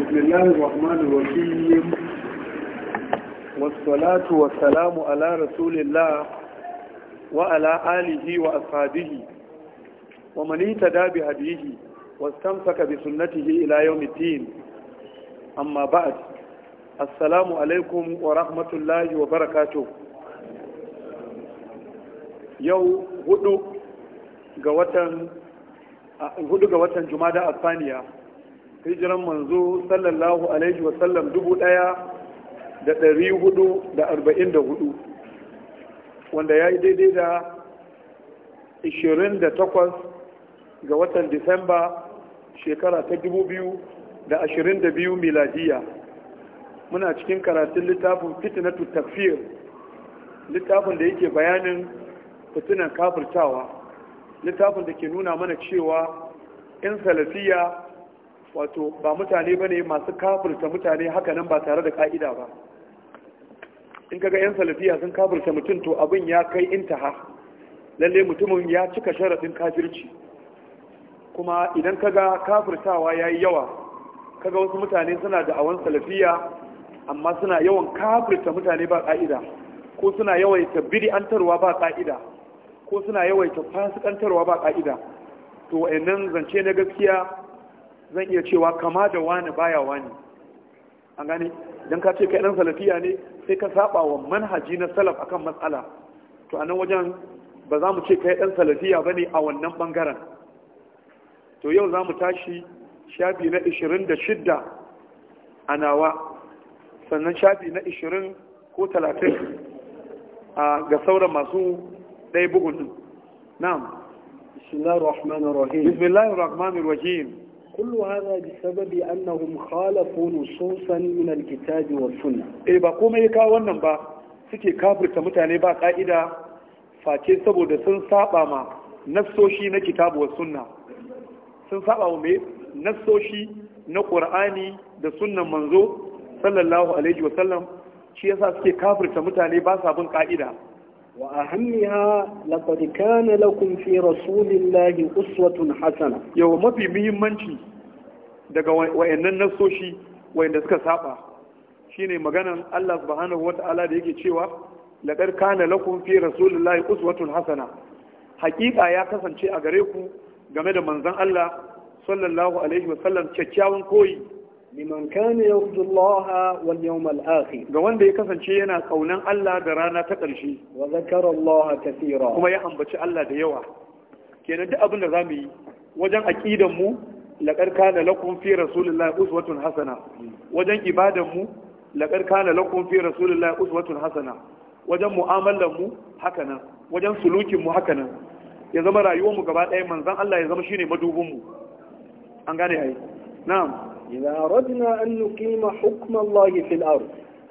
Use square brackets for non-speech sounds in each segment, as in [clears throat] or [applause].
بسم الله الرحمن الرحيم والصلاة والسلام على رسول الله وعلى آله وأصحابه ومن اهتدى بهديه واستمسك بسنته إلى يوم الدين أما بعد السلام عليكم ورحمة الله وبركاته يوم هدو ga watan juma'a a saniya hijiran manzo sallallahu alaihi wasallam dubu ɗaya da ɗari hudu da arba'in da hudu wanda ya yi daidai da ishirin da takwas ga watan disamba shekara ta dubu biyu da da ashirin biyu miladiya muna cikin karatun littafin fitnatu tafiyar littafin da yake bayanin fitinan kafirtawa littafin da ke nuna mana cewa in salafiya wato ba mutane bane masu kafirta mutane hakanan ba tare da ka'ida ba in kaga yan salafiya sun kafirta mutum to abin ya kai intaha lalle mutumin ya cika sharaɗin kafirci kuma idan kaga kafirtawa yayi yawa kaga wasu mutane suna da awan salafiya amma suna yawan kafirta mutane ba ka'ida ko suna yawaita bid'antarwa ba ka'ida ko suna yawaita fasikantarwa ba ka'ida to wayannan zance na gaskiya zan iya cewa kama da wani baya wani an gane don ka ce kai ɗan salafiya ne sai ka saba wa manhaji na salaf akan matsala to a nan wajen ba za mu ce kai ɗan salafiya ba ne a wannan ɓangaren. to yau za mu tashi shafi na 26 a nawa sannan shafi na 20 ko 30 ga sauran masu ɗaya bugun din na'am rahmanir rahim bismillahir rahmanir rahim كل هذا بسبب أنهم خالفوا نصوصا من الكتاب والسنة إيه بقوم wannan ba suke kafirta mutane ba ka'ida face saboda sun saba ma nassoshi na kitabu wa sunna sun saba wa mai nassoshi na ƙur'ani da sunnan manzo sallallahu alaihi wasallam shi yasa suke kafirta mutane ba sabon bin ka'ida Wa لقد كان لكم في رسول الله أسوة حسنة يو ما في مهمنشي daga wayannan nasoshi wayanda suka saba shine maganar Allah subhanahu wataala da yake cewa laqad kana lakum fi rasulillahi uswatun hasana hakika ya kasance a gare ku game da manzon Allah sallallahu alaihi wasallam kyakkyawan koyi liman kana yarju Allah wal yawm al akhir ga wanda ya kasance yana kaunan Allah da rana ta ƙarshe wa zakara Allah kathira kuma ya ambaci Allah da yawa kenan duk abin da zamu yi wajen aqidan mu laqad kana lakum fi rasulillahi uswatun hasana wajen ibadan mu laqad kana lakum fi rasulillahi uswatun hasana wajen mu'amalar mu haka wajen sulukin mu haka ya zama rayuwar mu gaba ɗaya manzon Allah ya zama shine madubin mu an gane ai na'am إذا أردنا أن نقيم حكم الله في الأرض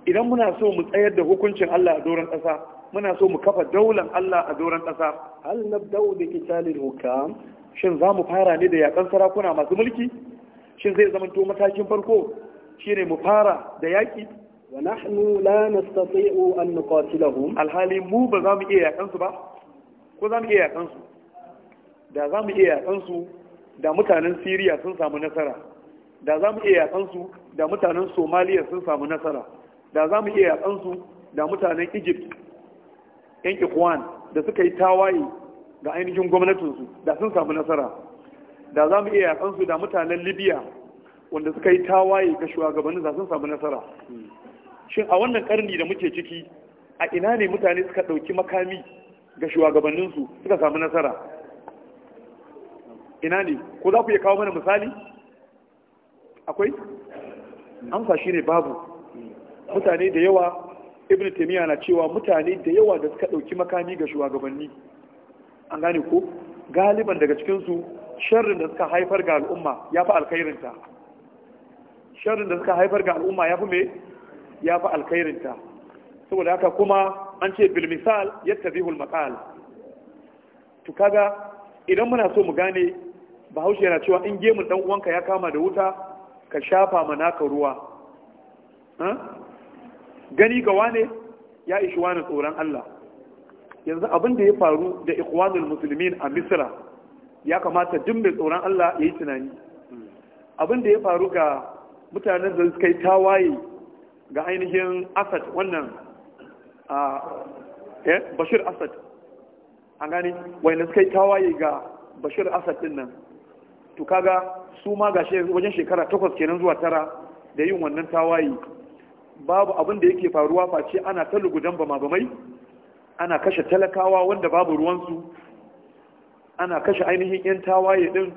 إذا منا سو متأيد حكمشن الله أدورا أسا منا سو مكفى دولا الله أدورا أسا هل نبدأ بقتال الحكام shin za mu fara ne da yakan sarakuna masu mulki shin zai zama matakin farko shine mu fara da yaki wa nahnu la nastati'u an nuqatilahum alhali mu ba za mu iya yakan ba ko za mu iya yakan da za mu iya yakan da mutanen Siriya sun samu nasara da za mu iya yatsan su da mutanen somaliya sun samu nasara da za mu iya yatsan su da mutanen egypt yan ikwan da suka yi tawaye ga ainihin gwamnatinsu da sun samu nasara da za mu iya yatsan su da mutanen libya wanda suka yi tawaye ga shugabannin da sun samu nasara shin a wannan karni da muke ciki a ina ne mutane suka ɗauki makami ga shugabanninsu suka samu nasara ina ne ko za ku iya kawo mana misali akwai amsa ne babu mutane da yawa ibn taymiya na cewa mutane da yawa da suka dauki makami ga shugabanni an gane ko galiban daga cikinsu, su sharrin da suka haifar ga al'umma ya alkhairin ta sharrin da suka haifar ga al'umma ya fi me Ya alkhairin ta saboda haka kuma an ce bil misal yattadihul maqal to kaga idan muna so mu gane bahaushe yana cewa in gemun dan uwanka ya kama da wuta ka shafa ma naka ruwa gani ga wane ya ishi wani tsoron Allah yanzu abin da ya faru da ikwanul musulmin a Misira ya kamata dimbe mai tsoron Allah ya yi tunani abin da ya faru ga mutanen da suka yi tawaye ga ainihin asad wannan eh, bashir asad an gani wani suka yi tawaye ga bashir asad din nan to kaga su ma gashi wajen shekara takwas kenan zuwa tara da yin wannan tawayi babu abin da yake faruwa face ana ta lugudan ba bamai ana kashe talakawa wanda babu ruwansu ana kashe ainihin 'yan tawaye din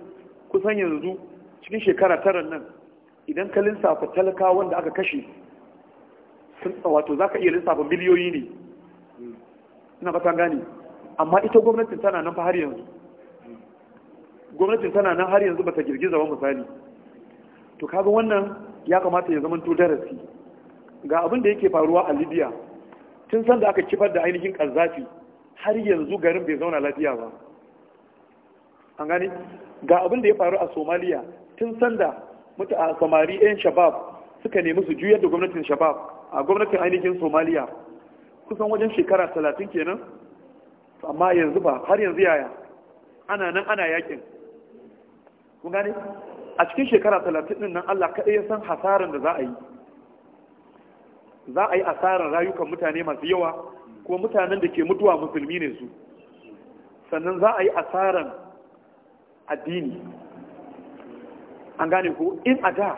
kusan yanzu cikin shekara tara nan idan ka lissafa talakawa wanda aka kashe sun wato za ka iya lissafa miliyoyi ne ina fata gane amma ita gwamnatin tana nan fa har yanzu gwamnatin tana nan har yanzu bata girgiza ba misali to kaga wannan ya kamata ya zama to darasi ga abin da yake faruwa a libya tun sanda aka kifar da ainihin ƙarzafi har yanzu garin bai zauna lafiya ba an gani ga abin da ya faru a somaliya tun sanda mutu a samari 'yan shabab suka nemi su juyar da gwamnatin shabab a gwamnatin ainihin somaliya kusan wajen shekara talatin kenan amma yanzu ba har yanzu yaya ana nan ana yakin kun gane a cikin shekara talatin din nan Allah kaɗai ya san hasaran da za a yi za a yi asarar rayukan mutane masu yawa ko mutanen da ke mutuwa musulmi ne su sannan za a yi asarar addini an gane ko in a da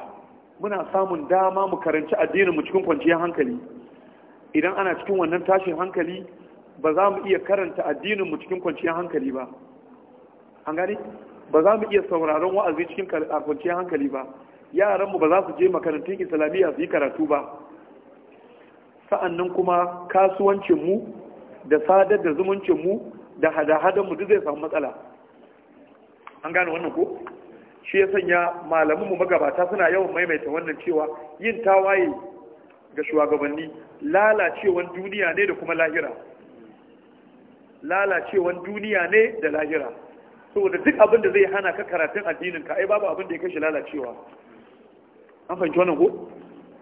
muna samun dama mu karanci addininmu cikin kwanciyar hankali idan ana cikin wannan tashin hankali ba za mu iya karanta addininmu cikin kwanciyar hankali ba an gane ba za mu iya sauraron wa'azi cikin kwanciyar hankali ba yaranmu ba za su je makarantun islamiyya su yi karatu ba sa'annan kuma kasuwancinmu da sadar da zumuncinmu da hada-hadanmu duk zai samu matsala an gane wannan ko shi ya sanya malamanmu magabata suna yawan maimaita wannan cewa yin tawaye ga shugabanni lalacewan duniya ne da kuma lahira lalacewan duniya ne da lahira saboda duk abin da zai hana ka karatun addinin ka ai babu abin da ya kashi lalacewa an fahimci wannan ko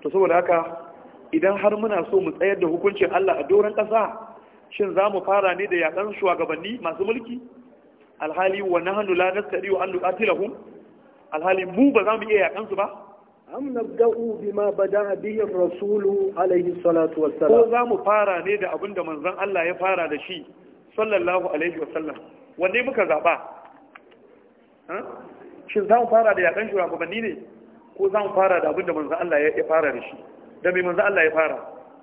to saboda haka idan har muna so mu tsayar da hukuncin Allah a doron ƙasa shin za mu fara ne da yakan shugabanni masu mulki alhali wa nahnu la wa an nuqatilahum alhali mu ba za mu iya yakan su ba am nabda'u bima bada'a bihi ar-rasulu alayhi salatu wassalam ko za mu fara ne da abinda manzon Allah ya fara da shi sallallahu alaihi wasallam wanne muka zaba shin za mu fara da yakan shugabanni ne ko za mu fara da abin da manzo Allah ya fara da shi da mai manzo Allah ya fara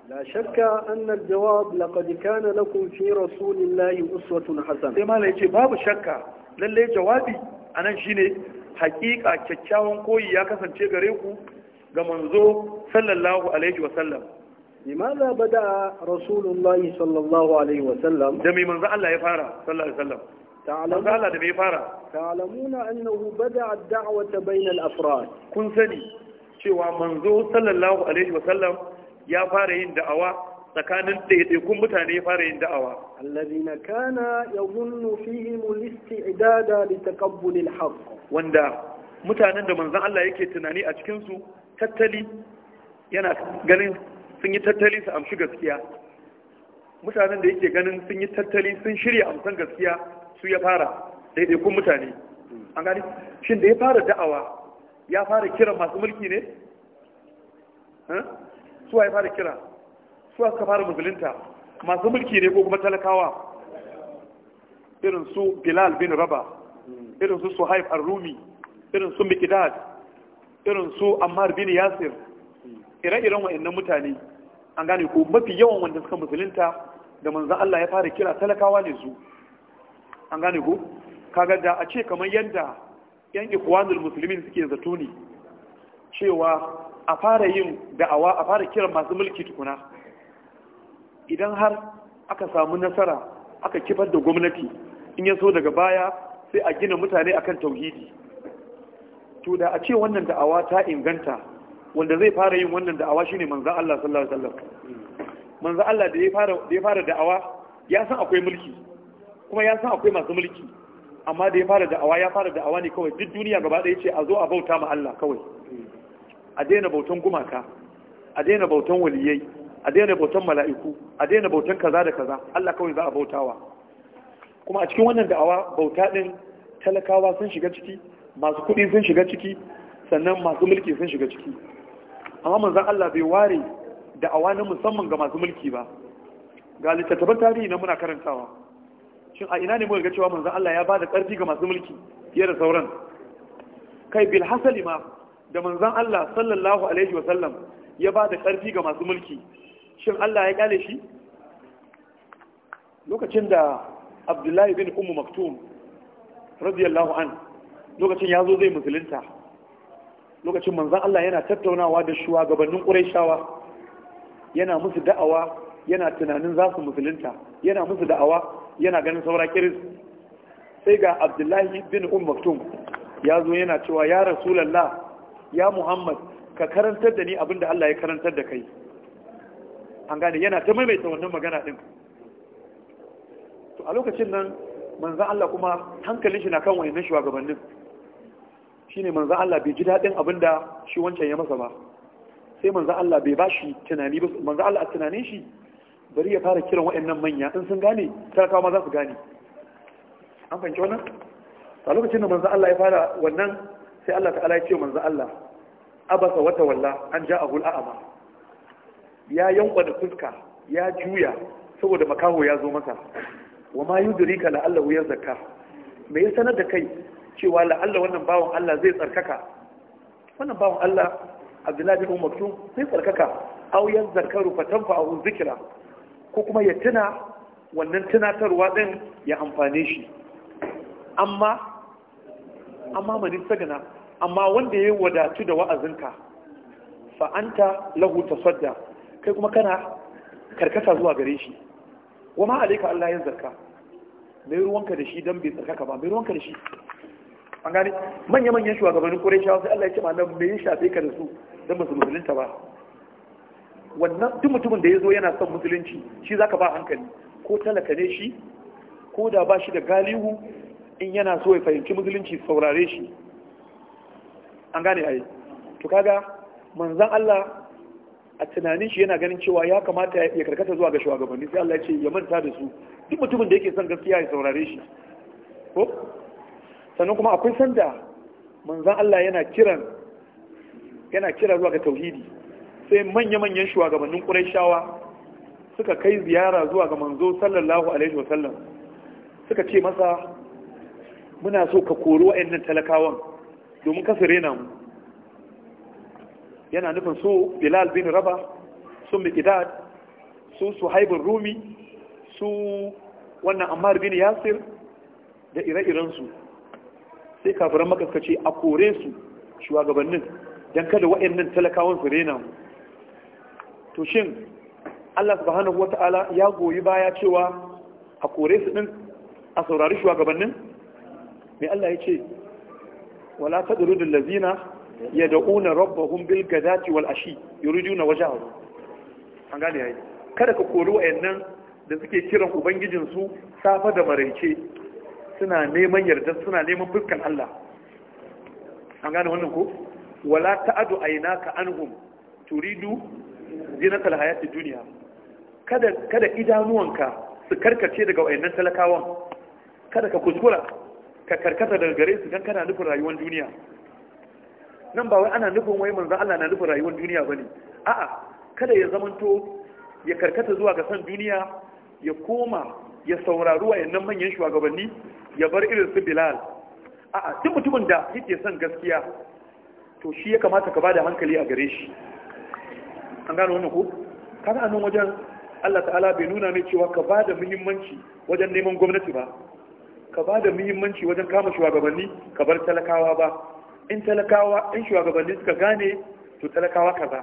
la shakka anna al-jawab laqad kana lakum fi rasulillahi uswatun hasana sai malai yace babu shakka lalle jawabi anan shine hakika kyakkyawan koyi ya kasance gare ku ga manzo sallallahu alaihi wasallam لماذا بدأ رسول الله صلى الله عليه وسلم دمي منذ الله يفارى صلى الله عليه وسلم تعلمون قال ده fara تعلمون انه بدا الدعوه بين الافراد kun sani cewa manzo sallallahu alaihi wasallam ya fara yin da'awa tsakanin ɗaiɗaikun mutane ya fara yin da'awa allazina kana yadhunnu fihim al-istidada li taqabbul al-haqq wanda mutanen da manzon Allah yake tunani a cikinsu su tattali yana ganin sun yi tattali su amshi gaskiya mutanen da yake ganin sun yi tattali sun shirya amsan gaskiya su ya fara kun mutane an gani shin da ya fara da'awa ya fara kiran masu mulki ne suwa ya fara kira suwa suka fara musulunta masu mulki ne ko kuma talakawa irin su bilal bin raba irin su suhaib ar-rumi irin su mikidad irin su ammar bin yasir ire-iren wa'annan mutane an gane ko mafi yawan wanda suka musulunta da manzan Allah ya fara kira talakawa ne su an gane ku kaga da a ce kamar yadda yan ikwanul musulmin suke zato ne cewa a fara yin da'awa a fara kiran masu mulki tukuna idan har aka samu nasara aka kifar da gwamnati in ya so daga baya sai a gina mutane akan tauhidi to da a ce wannan da'awa ta inganta wanda zai fara yin wannan da'awa shine manzo Allah sallallahu alaihi wasallam manzo Allah da ya fara da'awa ya san akwai mulki kuma ya san akwai masu mulki amma da ya fara da'awa ya fara da'awa ne kawai duk duniya gaba ɗaya ce a zo a bauta ma Allah kawai a daina bautan gumaka a daina bautan waliyai a daina bautan mala'iku a daina bautan kaza da kaza Allah kawai za a bautawa kuma a cikin wannan da'awa bauta din talakawa sun shiga ciki masu kuɗi sun shiga ciki sannan masu mulki sun shiga ciki amma manzon Allah bai ware da'awa na musamman ga masu mulki ba ga littattafan tarihi na muna karantawa shin a ina ne muka ga cewa manzon Allah ya bada karfi ga masu mulki fiye da sauran kai bil hasali ma da manzon Allah sallallahu alaihi wa sallam ya bada karfi ga masu mulki shin Allah ya kyale shi lokacin da Abdullahi bin Ummu Maktum radiyallahu an lokacin ya zo zai musulunta lokacin manzon Allah yana tattaunawa da shugabannin Qurayshawa yana musu da'awa yana tunanin za su musulunta yana musu da'awa yana ganin saura kiris sai ga abdullahi bin umartum ya zo yana cewa ya rasulallah ya muhammad ka karantar da ni abin Allah ya karantar da kai an gane yana ta maimaita wannan magana din to a lokacin nan manzan Allah kuma hankalin shi na kan wayannan shugabannin ne manzan Allah bai ji daɗin abinda shi wancan ya masa ba sai manzan Allah bai bashi tunani ba manzan Allah a tunanin shi bari ya fara kiran waɗannan manya in sun gane talakawa ma za su gane an fahimci wannan a lokacin da manzo Allah ya fara wannan sai Allah ta'ala ya ce manzo Allah abasa wata walla an ja ahul a'ama ya yanka da fuska ya juya saboda makaho ya zo masa wa ma yudrika la Allah ya zakka me ya sanar da kai cewa la'alla wannan bawon Allah zai tsarkaka wannan bawon Allah Abdullahi bin Maktum zai tsarkaka aw tamfa fatanfa'u zikra ko kuma ya tuna wannan tunatarwa ɗin ya amfane shi amma amma manin sagana amma wanda ya wadatu da wa'azinka fa'anta lahu sadda kai kuma kana karkasa zuwa gare shi wa ma alaika Allah ya zarka mai ruwanka da shi don bai tsarkaka ba mai ruwanka da shi an gane manya-manyan shugabannin kurai shawa sai Allah ya ce ma nan mai shafe ka da su don musulunta ba wannan duk mutumin da ya zo yana son musulunci shi zaka ba hankali ko talaka ne shi ko da ba shi da galihu in yana so ya fahimci musulunci saurare shi an gane yi. to kaga manzon Allah a tunanin shi yana ganin cewa ya kamata ya karkata zuwa ga shugabanni sai Allah ya ce ya manta da su duk mutumin da yake son gaskiya ya saurare shi ko sannan kuma akwai sanda manzon Allah yana kiran yana kira zuwa ga tauhidi sai manya-manyan shugabannin shawa suka kai ziyara zuwa ga manzo sallallahu alaihi wasallam suka ce masa muna so ka kori wa'annan talakawan domin kasu rena mu yana nufin so bilal bin raba su mikidad su haibin rumi su wannan ammar bin yasir da ire-irensu sai kafiran makaskaci a kore su shugabannin don kada wa'annan talakawan su rena mu to shin Allah subhanahu ta'ala ya goyi baya cewa a kore su din a saurari shugabannin me Allah ya ce wala tadrudul lazina yad'una rabbahum bil gazati wal ashi waje wajhahu an gane yayi kada ka kori wayannan da suke kiran ubangijinsu safa da maraice suna neman yarda suna neman fuskan Allah an gane wannan ko wala ta adu aina ka anhum turidu zinatal hayati duniya kada kada idanuwanka su karkace daga wayannan talakawan kada ka kuskura ka karkata daga gare su dan kana nufin rayuwar duniya nan ba wai ana nufin wai manzo Allah na nufin rayuwar duniya ba bane a'a kada ya zamanto ya karkata zuwa ga san duniya ya koma ya saurari wayannan manyan shugabanni ya bar irin su Bilal a'a duk mutumin da yake son gaskiya to shi ya kamata ka bada hankali a gare shi an gano wannan ko kaga anan wajen Allah ta'ala bai nuna mai cewa ka ba da muhimmanci wajen neman gwamnati ba ka ba da muhimmanci wajen kama shugabanni ka bar talakawa ba in talakawa in shugabanni suka gane to talakawa kaza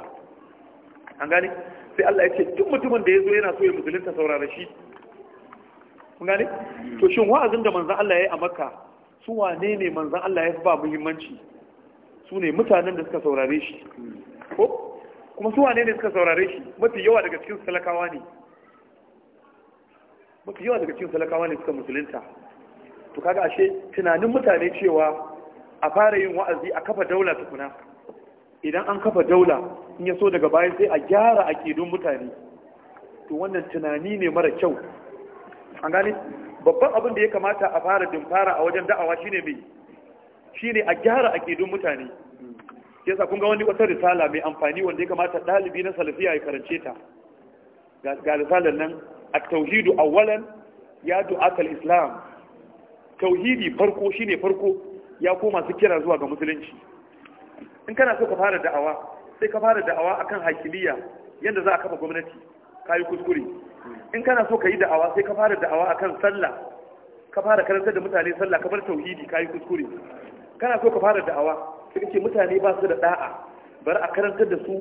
an gane sai Allah ya ce duk mutumin da ya zo yana so ya musulunta saurara shi kun gane to shin wa'azin da manzon Allah ya yi a Makka su wane ne manzon Allah ya ba muhimmanci su ne mutanen da suka saurare shi ko kuma su wane ne suka saurare shi mafi yawa daga cikin talakawa ne mafi yawa daga cikin talakawa ne suka musulunta to kaga ashe tunanin mutane cewa a fara yin wa'azi a kafa daula tukuna idan an kafa daula in ya so daga bayan sai a gyara a kedun mutane to wannan tunani ne mara kyau an gane babban abin da ya kamata a fara dimfara a wajen da'awa shine mai shine a gyara akidun mutane shi yasa kun ga wani wata risala mai amfani wanda ya kamata ɗalibi na salafiya ya karance ta ga risalar nan a tauhidu awwalan ya du'a islam tauhidi farko shine farko ya koma su kira zuwa ga musulunci in kana so ka fara da'awa sai ka fara da'awa akan hakimiyya yadda za a kafa gwamnati ka yi kuskure in kana so ka yi da'awa sai ka fara da'awa akan sallah ka fara karantar da mutane sallah kamar tauhidi ka yi kuskure kana so ka fara da'awa sai ce mutane ba su da da'a bari a karantar da su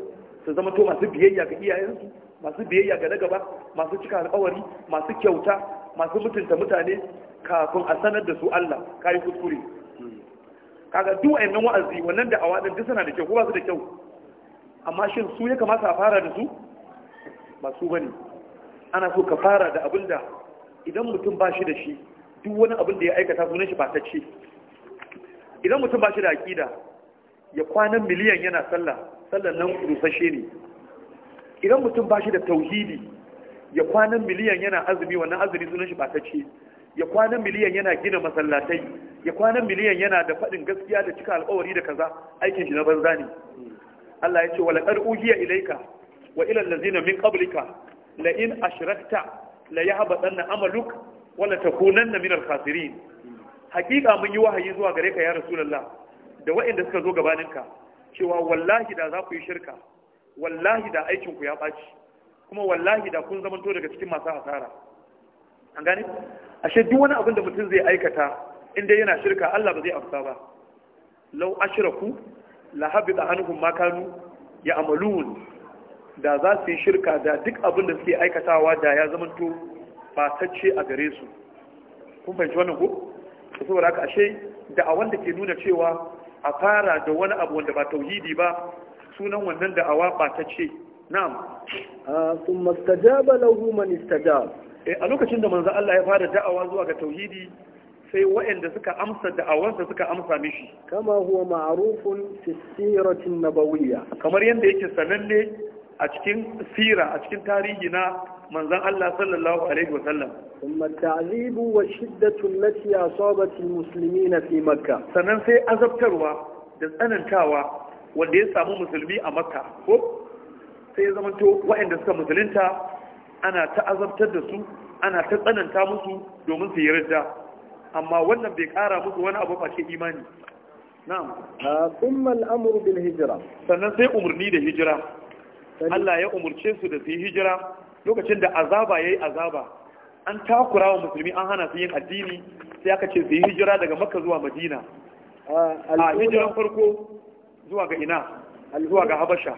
su zama to masu biyayya ga iyayensu masu biyayya ga na gaba masu cika alƙawari, masu kyauta masu mutunta mutane kafin a sanar da su Allah kai kuskure kaga duk wayannan wa'azi wannan da awadin duk suna da kyau ko ba su da kyau amma shin su ya kamata a fara da su ba su bane ana so ka fara da abinda idan mutum ba shi da shi duk wani abin da ya aikata sunan shi ba ta ce idan mutum ba shi da aƙida ya kwanan miliyan yana sallah sallan nan rusashe ne idan mutum ba shi da tauhidi ya kwanan miliyan yana azumi wannan azumi sunan shi batacce ya kwanan miliyan yana gina masallatai ya kwanan miliyan yana da faɗin gaskiya da cika alƙawari da kaza aikin shi na banza ne Allah ya ce wa laqad uhiya ilayka wa ila allazina min qablika la in ashrakta la yahbatanna amaluk wa la takunanna min al-khasirin hakika mun yi wahayi zuwa gare ka ya rasulullah da waɗanda suka zo gabaninka cewa wallahi da za ku yi shirka wallahi da aikinku ya ɓaci kuma wallahi da kun zamanto daga cikin masu hasara an gane ashe duk wani abin da mutum zai aikata inda yana shirka Allah ba zai amsa ba law ashraku la habita anhum ma kanu ya'malun da za su yi shirka da duk abin da suke aikatawa da ya zamanto batacce a gare su kun fahimci wannan ko saboda haka ashe da a wanda ke nuna cewa a fara da wani abu wanda ba tauhidi ba sunan wannan da awa ba ta ce na'am thumma ba lahu man istajab eh, a lokacin da manzo Allah ya fara da'awa zuwa ga tauhidi sai waɗanda suka amsa da'awarsa suka amsa mishi kama huwa ma'rufun fi siratin nabawiyya kamar yanda yake sananne a cikin sira a cikin tarihi na manzon Allah sallallahu alaihi ثم التعذيب والشدة التي أصابت المسلمين في مكة sannan sai azabtarwa da tsanantawa wanda ya samu musulmi a makka ko sai ya zamanto waɗanda suka musulunta ana ta azabtar da su ana ta tsananta musu domin su yi rajja amma wannan bai kara musu wani abu face imani na'am thumma al sannan sai umurni da hijira Allah ya umurce su da su yi hijira lokacin da azaba yayi azaba an takura wa musulmi an hana su yin addini sai aka ce su yi hijira daga makka zuwa madina ah, a hijiran farko zuwa ga ina zuwa ga habasha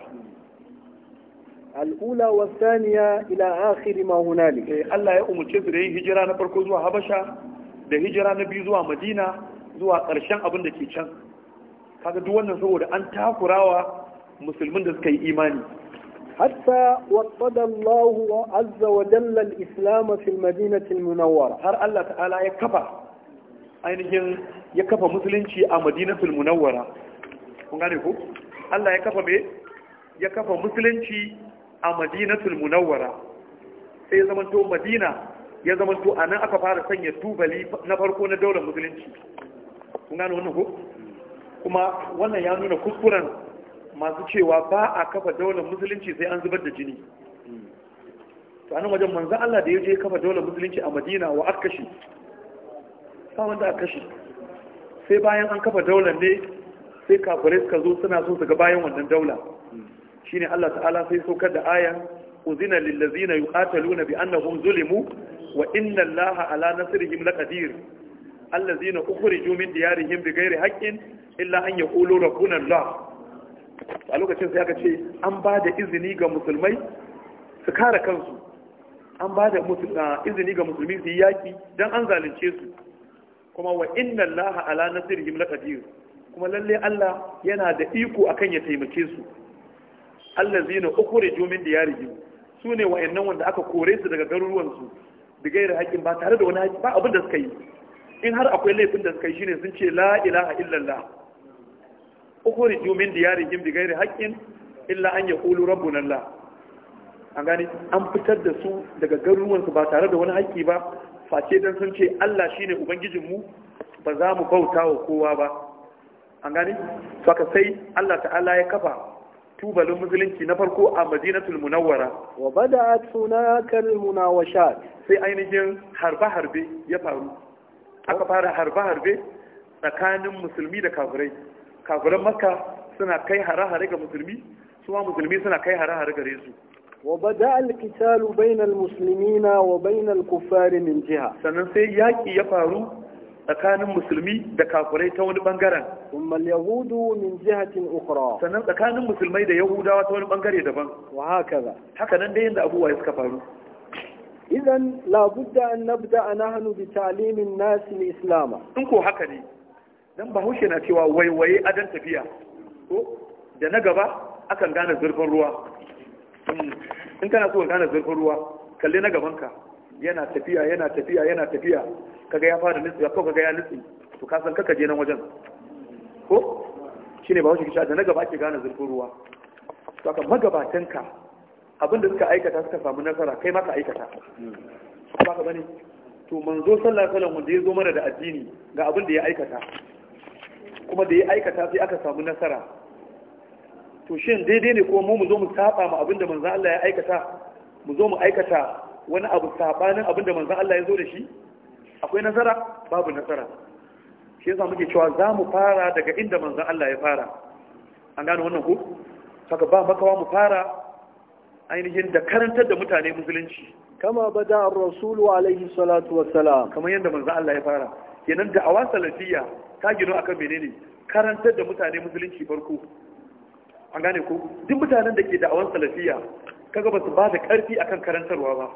al'ula wa saniya ila akhiri ma hunali eh, Allah ya umarce su da yin hijira na farko zuwa habasha da hijira na biyu zuwa madina zuwa ƙarshen abin da ke can kaga duk wannan saboda an takurawa musulmin da suka yi imani حتى وطد الله عز وجل الإسلام في المدينة المنورة هر الله تعالى يكفى ainihin ya kafa musulunci a madinatul munawwara kun gane ku Allah ya kafa musulunci a madinatul munawwara sai ya zamanto madina ya zamanto a nan aka fara sanya tubali na farko na daular musulunci wannan kuma wannan ya nuna kuskuren masu cewa ba a kafa daular musulunci sai an zubar da jini to nan wajen manzan Allah da ya je kafa daular musulunci a Madina wa aka kashe wanda aka sai bayan an kafa daular ne sai kafirai suka zo suna so su ga bayan wannan daula shine Allah ta'ala sai saukar da ayan uzina lil ladzina yuqataluna bi annahum zulimu wa inna Allaha ala nasrihim laqadir allazina ukhriju min diyarihim bighairi haqqin illa an yaqulu rabbuna Allah a lokacin sai aka ce an ba da izini ga musulmai su kare kansu an ba da ah, izini ga musulmi su yi yaki don an zalunce su kuma wa inna Allah ala nasirihim laqadir kuma lalle Allah yana da iko akan ya taimake su Allah ya ukhriju min diyarihim sune wayannan wanda aka kore su daga garuruwan su da gairar haƙin ba tare da wani haƙi ba abin da suka yi in har akwai laifin da suka yi shine sun ce la ilaha illallah ukhriju min diyarihim bighairi haqqin illa an yaqulu rabbuna Allah an gani an fitar da su daga garuruwansu ba tare da wani haƙƙi ba face dan sun ce Allah shine mu ba za mu bauta wa kowa ba an gani saka sai Allah ta'ala ya kafa tubalin musulunci na farko a madinatul munawwara wa bada'at hunaka munawashat sai ainihin harbe-harbe ya faru aka fara harbe-harbe tsakanin musulmi da kafirai kafiran makka suna kai hare-hare ga musulmi su ma musulmi suna kai hare-hare gare su وبدا القتال بين المسلمين وبين الكفار من جهه sannan sai yaki ya faru tsakanin musulmi da kafirai ta wani bangaren thumma al-yahud min jihatin ukhra sannan tsakanin musulmai da yahudawa ta wani bangare daban wa hakaza haka nan dai yanda abubuwa suka faru idan la budda an nabda nahnu bi ta'limin nasi al-islam in ko haka ne dan bahaushe na cewa waiwaye adan tafiya ko da na gaba akan gane zurfin ruwa hmm. in kana so ka gane zurfin ruwa kalle na gaban ka yana tafiya yana tafiya yana tafiya kaga ya fara nutsi ya kaga ya nutsi to ka san kaka je nan wajen ko shine bahaushe kisha da na gaba ke gane zurfin ruwa to ka magabatan ka abinda suka aikata suka samu nasara kai ma ka aikata ba ka bane to manzo sallallahu alaihi wasallam wanda ya zo mana da addini ga abin da ya aikata kuma da ya aikata sai aka samu nasara to shin daidai ne kuma mu mu zo mu saba ma abinda manzon Allah ya aikata mu zo mu aikata wani abu sabanin abinda manzon Allah ya zo da shi akwai nasara babu nasara shi yasa muke cewa za mu fara daga inda manzon Allah ya fara an gano wannan ko saka ba makawa mu fara ainihin da karantar da mutane musulunci kama bada rasulu alaihi salatu wassalam kamar yadda manzon Allah ya fara kenan da awa salafiya ta gino akan menene karantar da mutane musulunci farko an gane ko duk mutanen da ke da awan salafiya kaga ba su ba da karfi akan karantarwa ba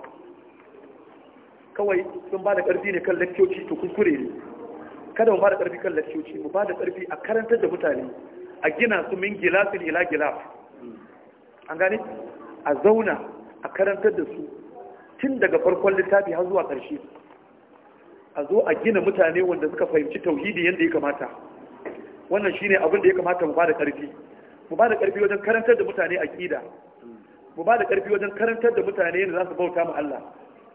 kawai sun ba da karfi ne kan lakcoci to kuskure ne kada mu ba da karfi kan lakcoci mu ba da karfi a karantar da mutane a gina su min gilasin ila gilaf an gane a zauna a karantar da su tun daga farkon littafi har zuwa ƙarshe a zo a gina mutane wanda suka fahimci tauhidi yadda ya kamata wannan shine abin da ya kamata mu bada karfi mu bada karfi wajen karantar da mutane aqida mu bada karfi wajen karantar da mutane yadda za su bauta mu Allah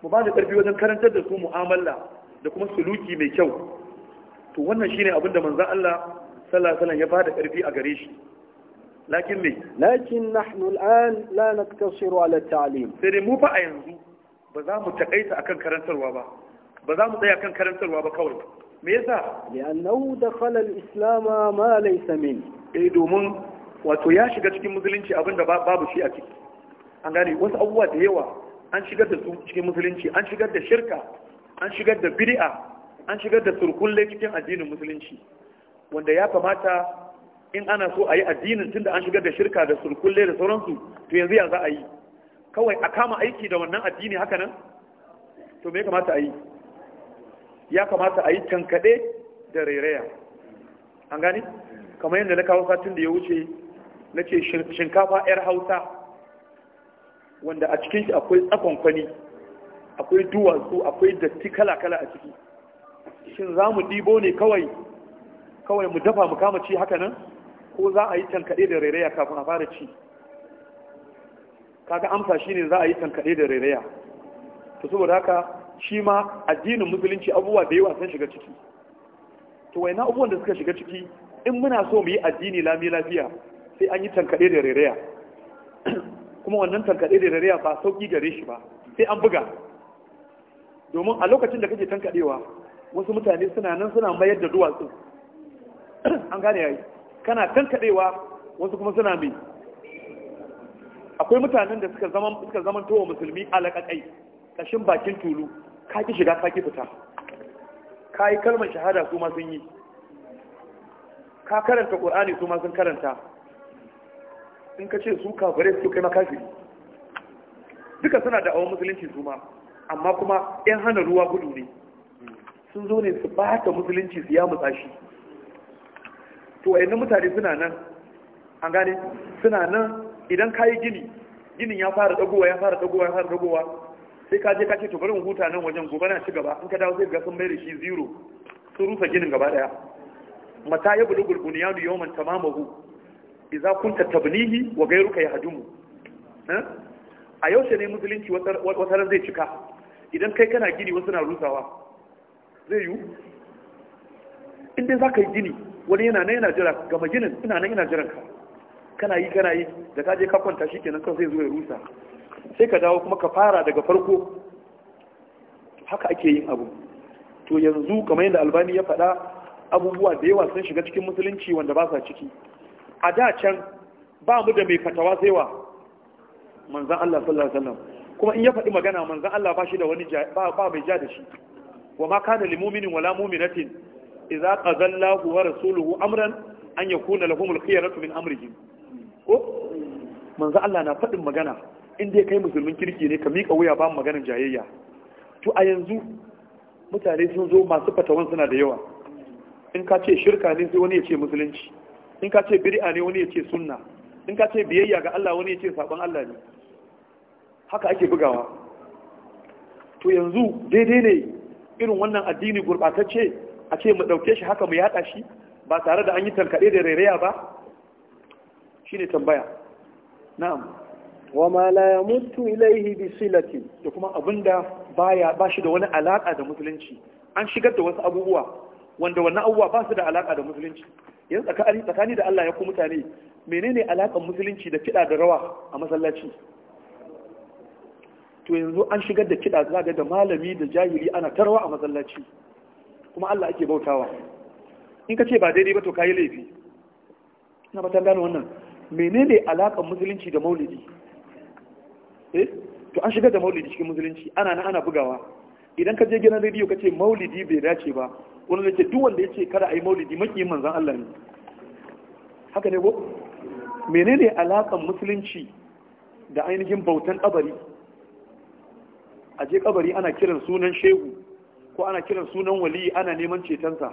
mu bada karfi wajen karantar da su mu'amala da kuma suluki mai kyau to wannan shine abin da manzon Allah sallallahu alaihi wasallam ya bada karfi a gare shi lakin me lakin nahnu al'an la naktasiru ala talim sai mu fa a yanzu ba za mu takaita akan karantarwa ba ba za mu tsaya kan karantarwa ba kawai me yasa annahu dakhala al-islam ma laysa min eh domin wato ya shiga cikin musulunci abinda babu shi a ciki an gane wasu abubuwa da yawa an shigar da su cikin musulunci an shigar da shirka an shigar da bid'a an shigar da surkulle cikin addinin musulunci wanda ya kamata in ana so a yi addinin tunda an shigar da shirka da surkulle da sauransu to yanzu ya za a yi kawai a kama aiki da wannan addini haka nan to me ya kamata a yi ya kamata a yi tankaɗe da rairaya an gani kamar yadda na kawo satin da ya wuce na ce shinkafa 'yar hausa wanda a cikin shi akwai tsakon kwani akwai duwatsu akwai datti kala-kala a ciki shin za mu ɗibo ne kawai kawai mu dafa mu kama ci haka nan ko za a yi tankaɗe da rairaya kafin a fara ci kaga amsa shi ne za a yi tankaɗe da rairaya to saboda haka shi ma addinin musulunci abubuwa da yawa sun shiga ciki to waina abubuwan da suka shiga ciki in muna so mu yi addini lami lafiya sai an yi tankaɗe da rairaya [clears throat] kuma wannan tankaɗe da rairaya ba sauƙi gare shi ba sai an buga domin a lokacin da kake tankaɗewa wasu mutane suna nan suna mayar da duwatsu [clears throat] an gane yayi kana tankaɗewa wasu kuma suna mai akwai mutanen da suka zama suka zama towa musulmi alaƙaƙai kashin bakin tulu ka ki shiga ka ki fita ka yi kalmar shahada su ma sun yi ka karanta qur'ani su ma sun karanta in ka ce su kafirai su kai makafiri duka suna da awon musulunci su ma amma kuma yan hana ruwa gudu ne sun zo ne su bata musulunci su ya mutsa shi to wayannan mutane suna nan an gane suna nan idan ka yi gini ginin ya fara dagowa ya fara dagowa ya fara dagowa sai ka je ka ce to bari mu huta nan wajen gobe na ci gaba in ka dawo sai ga sun mai da shi zero sun rufe ginin gaba daya mata ya bulu gulbuniyanu yawman tamamahu idza kunta tabnihi wa ghayruka yahdumu eh? a yaushe ne musulunci wata ran zai cika idan kai kana gini wasu na rusawa zai yiwu inda za ka yi gini wani yana nan yana jira gama ginin ina nan yana jiran ka kana yi kana yi da ka je ka kwanta shi kenan kan zai zo ya rusa sai ka dawo kuma ka fara daga farko haka ake yin abu to yanzu kamar yadda albani ya faɗa abubuwa da yawa sun shiga cikin musulunci wanda ba sa ciki a da can ba mu da mai fatawa sai wa manzan Allah sallallahu alaihi wasallam kuma in ya faɗi magana manzan Allah ba shi da wani ba mai ja da shi wa ma kana lil mu'minin wala mu'minatin idza qadallahu wa rasuluhu amran an yakuna lahumul khiyaratu min amrihim ko manzan Allah na faɗin magana in dai kai musulmin kirki ne ka miƙa wuya ba maganin jayayya to a yanzu mutane sun zo masu fatawan suna da yawa in ka ce shirka ne sai wani ya ce musulunci in ka ce bid'a ne wani ya ce sunna in ka ce biyayya ga Allah wani ya ce sabon Allah ne haka ake bugawa to yanzu daidai ne irin wannan addini gurbatacce a ce mu dauke shi haka mu yada shi ba tare da an yi tankade da rairaya ba shine tambaya na'am wa ma la yamutu ilaihi bi silati da kuma abinda baya ba shi da wani alaka da musulunci an shigar da wasu abubuwa wanda wannan abubuwa ba su da alaka da musulunci yanzu tsakani tsakani da Allah ya ku mutane menene alakan musulunci da kiɗa da rawa a masallaci to yanzu an shigar da kiɗa zaga da malami da jahili ana tarwa a masallaci kuma Allah ake bautawa in ka ce ba daidai ba to kayi laifi ina batan gano wannan menene alakan musulunci da maulidi Eh? to an shigar da maulidi cikin musulunci ana na ana bugawa idan ka je gidan rediyo ka ce maulidi bai dace ba wani da ke duk wanda ya ce kada a yi maulidi maki manzan Allah ne haka ne ko menene alakan musulunci da ainihin bautan kabari a je kabari ana kiran sunan shehu ko ana kiran sunan wali ana neman cetonsa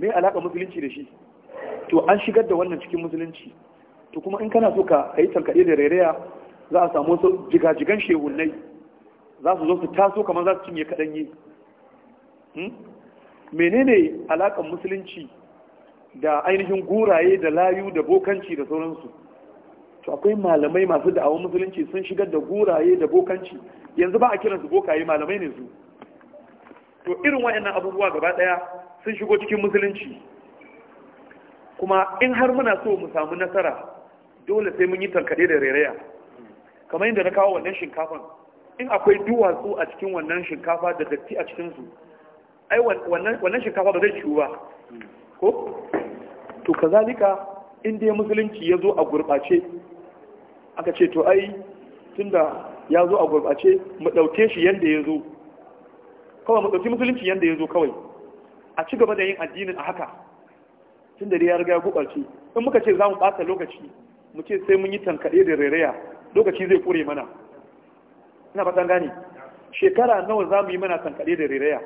me alakan musulunci da shi to an shigar da wannan cikin musulunci to kuma in kana so ka yi talkaɗe da rairaya za a samu su jigajigan shehunai za su zo su taso kamar za su cinye yi. Hmm? menene alaƙar musulunci da ainihin guraye da layu da bokanci da sauransu to akwai malamai masu da'awar musulunci sun shigar da guraye da bokanci yanzu ba a su bokaye malamai ne su to irin wayannan abubuwa gaba ɗaya sun shigo cikin musulunci kuma in har muna so mu samu nasara dole sai mun yi tankade da rairaya kamar yadda na kawo wannan shinkafan in akwai duwatsu a cikin wannan shinkafa da datti a cikinsu ai wannan shinkafa ba zai ciwu ba ko to kazalika in dai musulunci ya zo a gurɓace aka ce to ai tunda ya zo a gurɓace mu ɗauke shi yadda ya zo kawai mu ɗauki musulunci yadda ya zo kawai a ci gaba da yin addinin a haka tun da ya riga ya gurɓace in muka ce za mu ɓata lokaci mu ce sai mun yi tankaɗe da rairaya lokaci zai fure mana ina fatan gane shekara nawa za mu yi mana tankaɗe da rereya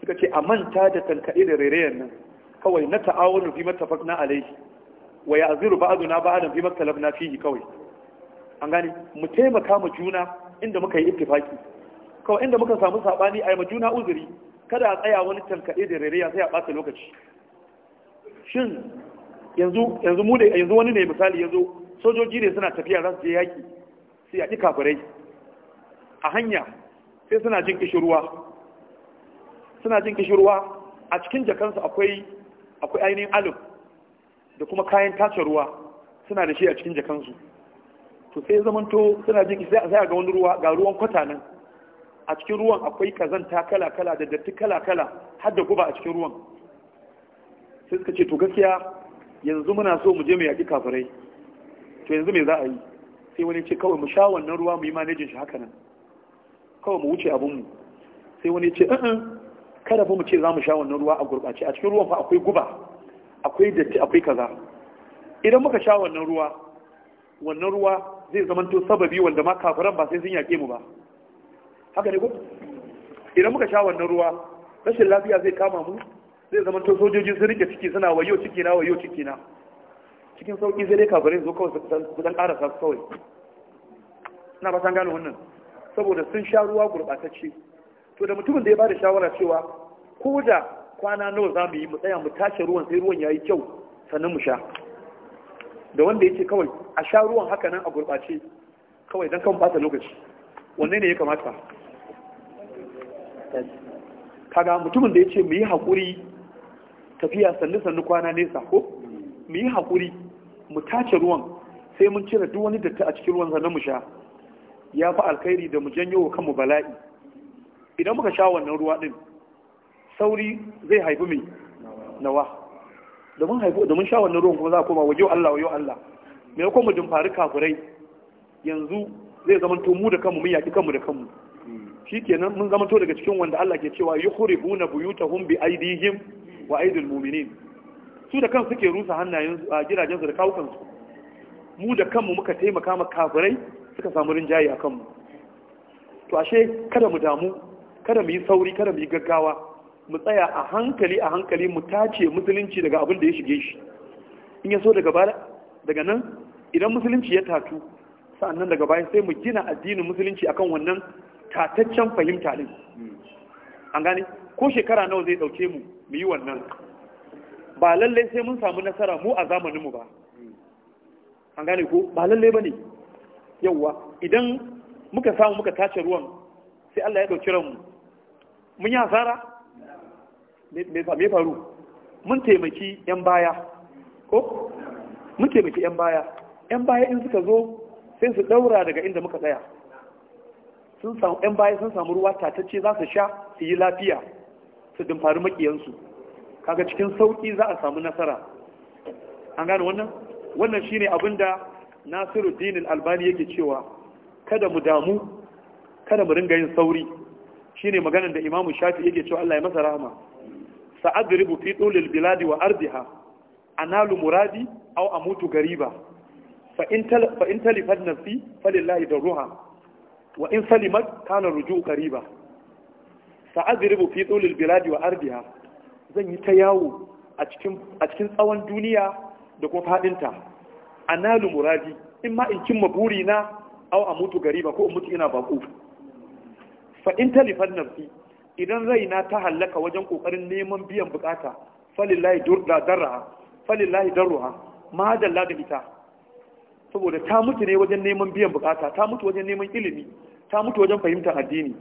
suka ce a manta da tankaɗe da rereyan nan kawai na ta'awunin fi matafak na alaihi wa ya aziru ba'adu na ba'adan fi matsalab fihi kawai an gane mu taimaka mu juna inda muka yi ittifaki kawai inda muka samu sabani a yi juna uzuri kada a tsaya wani tankaɗe da rereya sai a ɓata lokaci shin yanzu yanzu mu ne yanzu wani ne misali yanzu sojoji ne suna tafiya za su je yaƙi su yaƙi kafirai a hanya sai suna jin kishirwa suna jin kishirwa a cikin jakansu akwai akwai ainihin alif da kuma kayan tace ruwa suna da shi a cikin jakansu to sai zamanto suna jin sai a ga wani ruwa ga ruwan kwata nan a cikin ruwan akwai kazanta kala kala da datti kala kala har da guba a cikin ruwan sai suka ce to gaskiya yanzu muna so mu je mu yaƙi kafirai to yanzu me za a yi sai wani ce kawai mu sha wannan ruwa mu yi manajin shi haka nan kawai mu wuce abinmu sai wani ce ɗan uh-uh, kada fa mu ce za mu sha wannan ruwa a gurɓace a cikin ruwan fa akwai guba akwai datti akwai kaza idan muka sha wannan ruwa wannan ruwa zai to sababi wanda ma kafiran ba sai sun yaƙe mu ba haka ne ko idan muka sha wannan ruwa rashin lafiya zai kama mu zai to sojoji sun rike ciki suna wayo ciki na wayo ciki na cikin sauƙi zai dai kafirai zo kawai su dan ƙarasa su kawai ina ba san gane wannan saboda sun sha ruwa gurɓatacce to da mutumin da ya ba da shawara cewa ko da kwana nawa za mu yi mu tsaya mu tace ruwan sai ruwan ya yi kyau sannan mu sha da wanda yake kawai a sha ruwan haka nan a gurɓace kawai don kan bata lokaci wanne ne ya kamata kaga mutumin da ya ce mu yi haƙuri tafiya sannu sannu kwana nesa ko mu yi haƙuri mu tace ruwan sai mun cire duk wani datti a cikin ruwan sannan mu sha ya fi alkhairi da mu janyo wa kanmu bala'i idan muka sha wannan ruwa din sauri zai haifi mai nawa da mun haifi da mun sha wannan ruwan kuma za a koma wayo Allah wayo Allah me ko mu dumfari kafurai yanzu zai zama to mu da kanmu mun yaki kanmu da kanmu shikenan mun zama to daga cikin wanda Allah ke cewa yukhribuna buyutahum bi aidihim wa aidil mu'minin su da kan suke rusa hannayensu a gidajensu da kawukansu mu da kanmu muka taimaka ma kafirai suka samu rinjaye a kanmu to ashe kada mu damu kada mu yi sauri kada mu yi gaggawa mu tsaya a hankali a hankali mu tace musulunci daga abin da ya shige shi in ya so daga baya daga nan idan musulunci ya tatu sa'annan daga baya sai mu gina addinin musulunci akan wannan tataccen fahimta din an gane ko shekara nawa zai dauke mu mu yi wannan ba lalle sai mun samu nasara mu a zamaninmu ba an gane ko ba lalle ba ne yauwa idan muka samu muka tace ruwan sai Allah ya ɗauki ranmu mun yi hasara me faru mun taimaki 'yan baya ko mun taimaki 'yan baya 'yan baya in suka zo sai su ɗaura daga inda muka tsaya sun samu 'yan baya sun samu ruwa tatacce za su sha su yi lafiya su dimfari makiyansu kaga cikin sauki za a samu nasara an gane wannan wannan shine nasiru Nasiruddin Albani yake cewa kada mu damu kada mu ringa yin sauri shine maganar da Imam Shafi yake cewa Allah ya masa rahama sa'adribu fi tulil biladi wa ardiha analu muradi aw amutu gariba fa in tal fa in talifat nafsi falillahi darruha wa in salimat kana ruju qariba sa'adribu fi tulil biladi wa ardiha zan yi ta yawo a cikin tsawon duniya da kuma faɗinta nalu muradi in ma in cimma na au a mutu gari ba ko in mutu ina baƙo fa in talifan nafsi idan raina ta hallaka wajen ƙoƙarin neman biyan bukata falillahi darraha falillahi darruha ma dalla da ita saboda ta mutu ne wajen neman biyan bukata ta mutu wajen neman ilimi ta mutu wajen fahimtar addini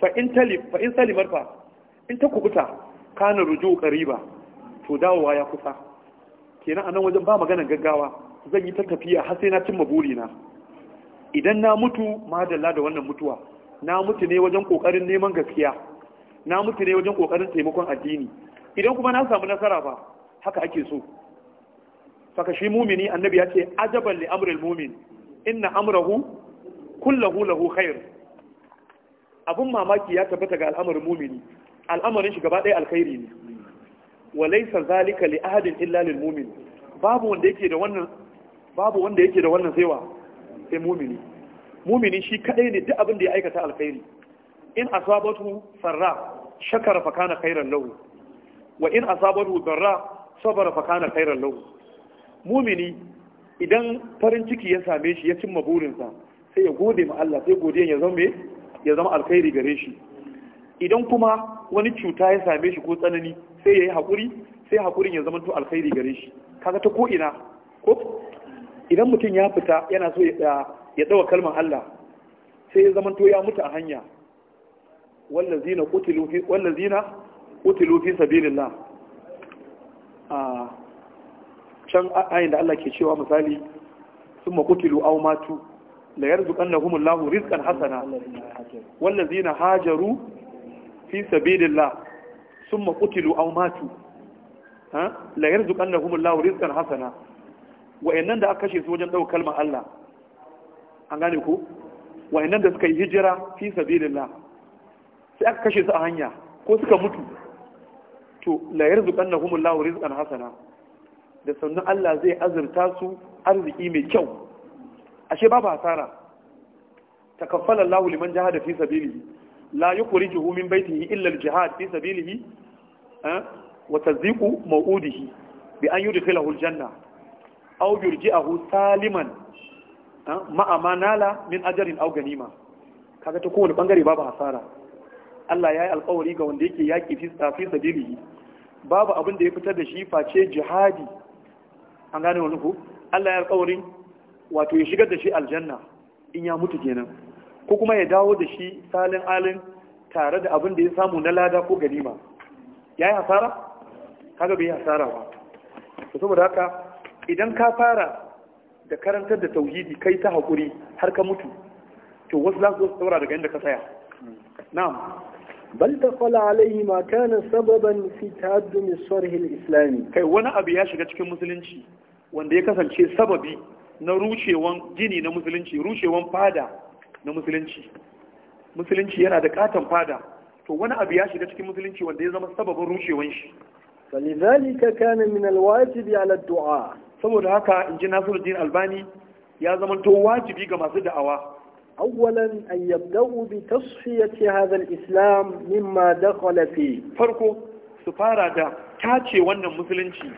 fa in talif fa in salimar fa in ta kubuta kana ruju kariba to dawowa ya kusa kenan anan wajen ba maganar gaggawa zan yi ta tafiya har sai na cimma burina idan na mutu madalla da wannan mutuwa na mutu ne wajen kokarin neman gaskiya na mutu ne wajen kokarin taimakon addini idan kuma na samu nasara ba haka ake so saka shi mumini annabi ya ce ajaban li amril mumin inna amrahu kullahu lahu khair abun mamaki ya tabbata ga al'amarin mumini al'amarin shi gaba ɗaya alkhairi ne walaisa zalika li ahadin illa lil mu'min babu wanda yake da wannan babu wanda yake da wannan saiwa sai mumini mumini shi kadai ne duk abin da ya aikata alkhairi in asabatu sarra shakara fa kana khairan lahu wa in asabatu darra sabara fa kana khairan lahu mumini idan farin ciki ya same shi ya cimma burinsa sai ya gode ma Allah sai godiyan ya zama ya zama alkhairi gare shi idan kuma wani cuta ya same shi ko tsanani sai ya yi haƙuri sai haƙurin ya to alkhairi gare shi kaga ta ko ina ko idan mutum ya fita yana so ya dawa kalmar Allah sai ya to ya mutu a hanya wallazina qutilu fi wallazina qutilu fi sabilillah a can ayin da Allah ke cewa misali summa qutilu aw matu la yarzuqannahumullahu rizqan hasana wallazina hajaru fi sabilillah summa qutilu aw matu ha la yarzuqannahum Allahu rizqan hasana wa'annan da aka kashe su wajen dauka kalmar Allah an gane ku wa'annan da suka yi hijira fi sabilillah sai aka kashe su a hanya ko suka mutu to la yarzuqannahum Allahu rizqan hasana da sannan Allah zai azurta su arziki mai kyau ashe babu hasara takaffala Allahu liman jahada fi sabilihi la yukhrijuhu min baytihi illa al-jihad fi sabilihi eh, wa tazdiqu maw'udihi bi an yudkhilahu al-janna aw yurji'ahu saliman eh, ma nala min ajrin aw ganima kaga ta kowane bangare babu hasara Allah ya yi alkawari ga wanda yake yaƙi eh, fi sabilihi babu abin da ya fitar da shi face jihadi an gane wani ku Allah ya alkawarin wato ya shigar da shi aljanna in ya mutu kenan ko kuma ya dawo da shi salin alin tare da abin da ya samu na lada ko ganima ya yi hasara? kaga bai yi hasara ba saboda haka idan ka fara da karantar da tauhidi kai ta haƙuri har ka mutu to wasu za su saura daga inda ka saya na'am bal tafala alaihi ma kana sababan fi ta'addum sarh al-islami kai wani abu ya shiga cikin musulunci wanda ya kasance sababi na rushewan gini na musulunci rushewan fada na musulunci musulunci yana da katon fada to wani abu ya shiga cikin musulunci wanda ya zama sababin rushewan shi falizalika kana min alwajibi ala du'a saboda haka in ji Nasiruddin Albani ya zama to wajibi ga masu da'awa awwalan an yabda'u bi tasfiyati hadha alislam mimma dakhala fi farko su fara da tace wannan musulunci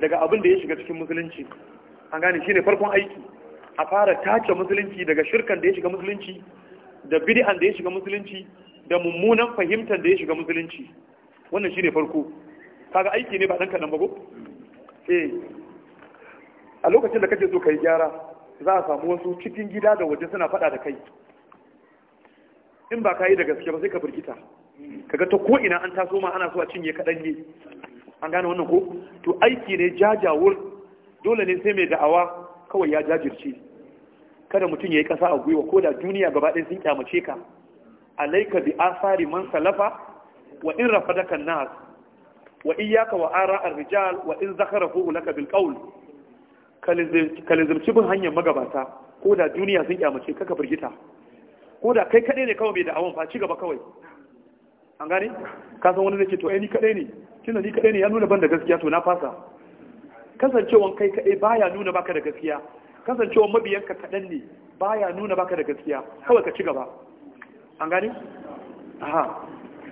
daga abin da ya shiga cikin musulunci an gane shine farkon aiki a fara tace musulunci daga shirkan da ya shiga musulunci da bid'an da ya shiga musulunci da mummunan fahimtar da ya shiga musulunci wannan shine farko kaga aiki ne ba dan kadan ba ko eh a lokacin da kake so kai gyara za a samu wasu cikin gida da waje suna fada da kai in ba ka yi da gaske ba sai ka firgita kaga ta ko ina an taso ma ana so a cinye kadan ne an gane wannan ko to aiki ne jajawur dole ne sai mai da'awa kawai ya jajirce kada mutum ya yi ƙasa a gwiwa ko da duniya gaba ɗaya sun kyamace ka alaika bi asari man salafa wa in rafadaka nas wa 'ya'ka wa ara a rijal wa in zakarahu na bil qawl kalizirci bin hanyar magabata ko da duniya sun kyamace ka firgita ko da kai kaɗai ne kawai mai da awon fa gaba kawai an gane ka san wani zai ce to ai ni kaɗai ne tunda ni kaɗai ne ya nuna ban da gaskiya to na fasa kasancewan kai kaɗai baya nuna baka da gaskiya kasancewan mabiyanka kaɗan ne baya nuna baka da gaskiya kawai ka ci gaba an gani? aha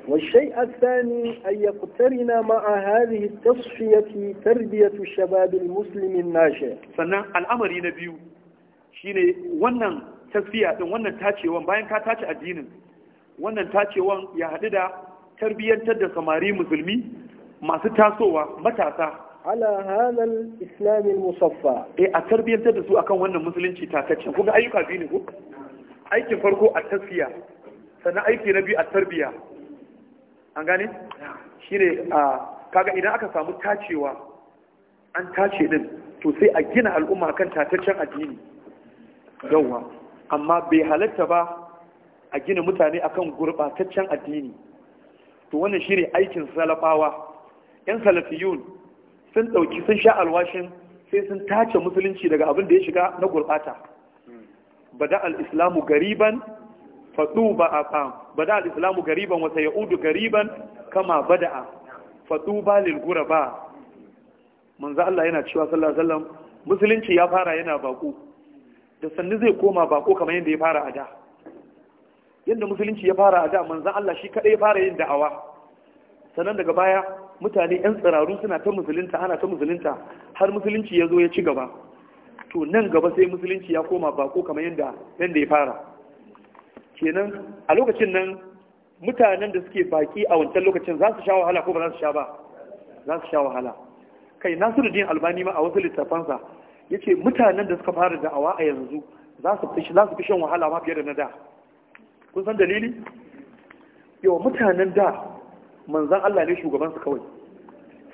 والشيء الثاني أن يقترن مع Tarbiyatu, shababin musulmin Nashe. Sannan al'amari na biyu shi ne wannan tasfiya din wannan tacewan bayan ka tace addinin wannan tacewan ya haɗu da tarbiyyantar da samari musulmi masu tasowa matasa ala hadal islamin musaffa eh a tarbiyyantar da su akan wannan musulunci ku kuma ayyuka biyu ne ko aikin farko a tasfiya sannan aiki na biyu a tarbiya an gane shine a kaga idan aka samu tacewa an tace din to sai a gina al'umma akan tataccen addini yawa amma bai halatta ba a gina mutane akan gurbataccen addini to wannan shine aikin salafawa yan salafiyun sun ɗauki sun sha alwashin sai sun tace musulunci daga abin da ya shiga na gurɓata bada al-islamu gariban a fam. bada al-islamu gariban wata ya'udu gariban kama bada a. faɗu ba lilgura ba manzo Allah yana cewa sallallahu alaihi wasallam musulunci ya fara yana bako da sannu zai koma bako kamar yadda ya fara a da yadda musulunci ya fara a da manzo Allah shi kadai ya fara yin da'awa sannan daga baya mutane yan tsiraru suna ta musulunta ana ta musulunta har musulunci ya zo ya ci gaba to nan gaba sai musulunci ya koma bako kamar yadda yadda ya fara kenan a lokacin nan mutanen da suke baki a wancan lokacin za su sha wahala ko ba za su sha ba za su sha wahala kai nasiruddin albani ma a wasu littafansa ya ce mutanen da suka fara da'awa a yanzu za su fi shan wahala ma fiye da na da kun san dalili yau mutanen da manzan Allah ne shugabansu kawai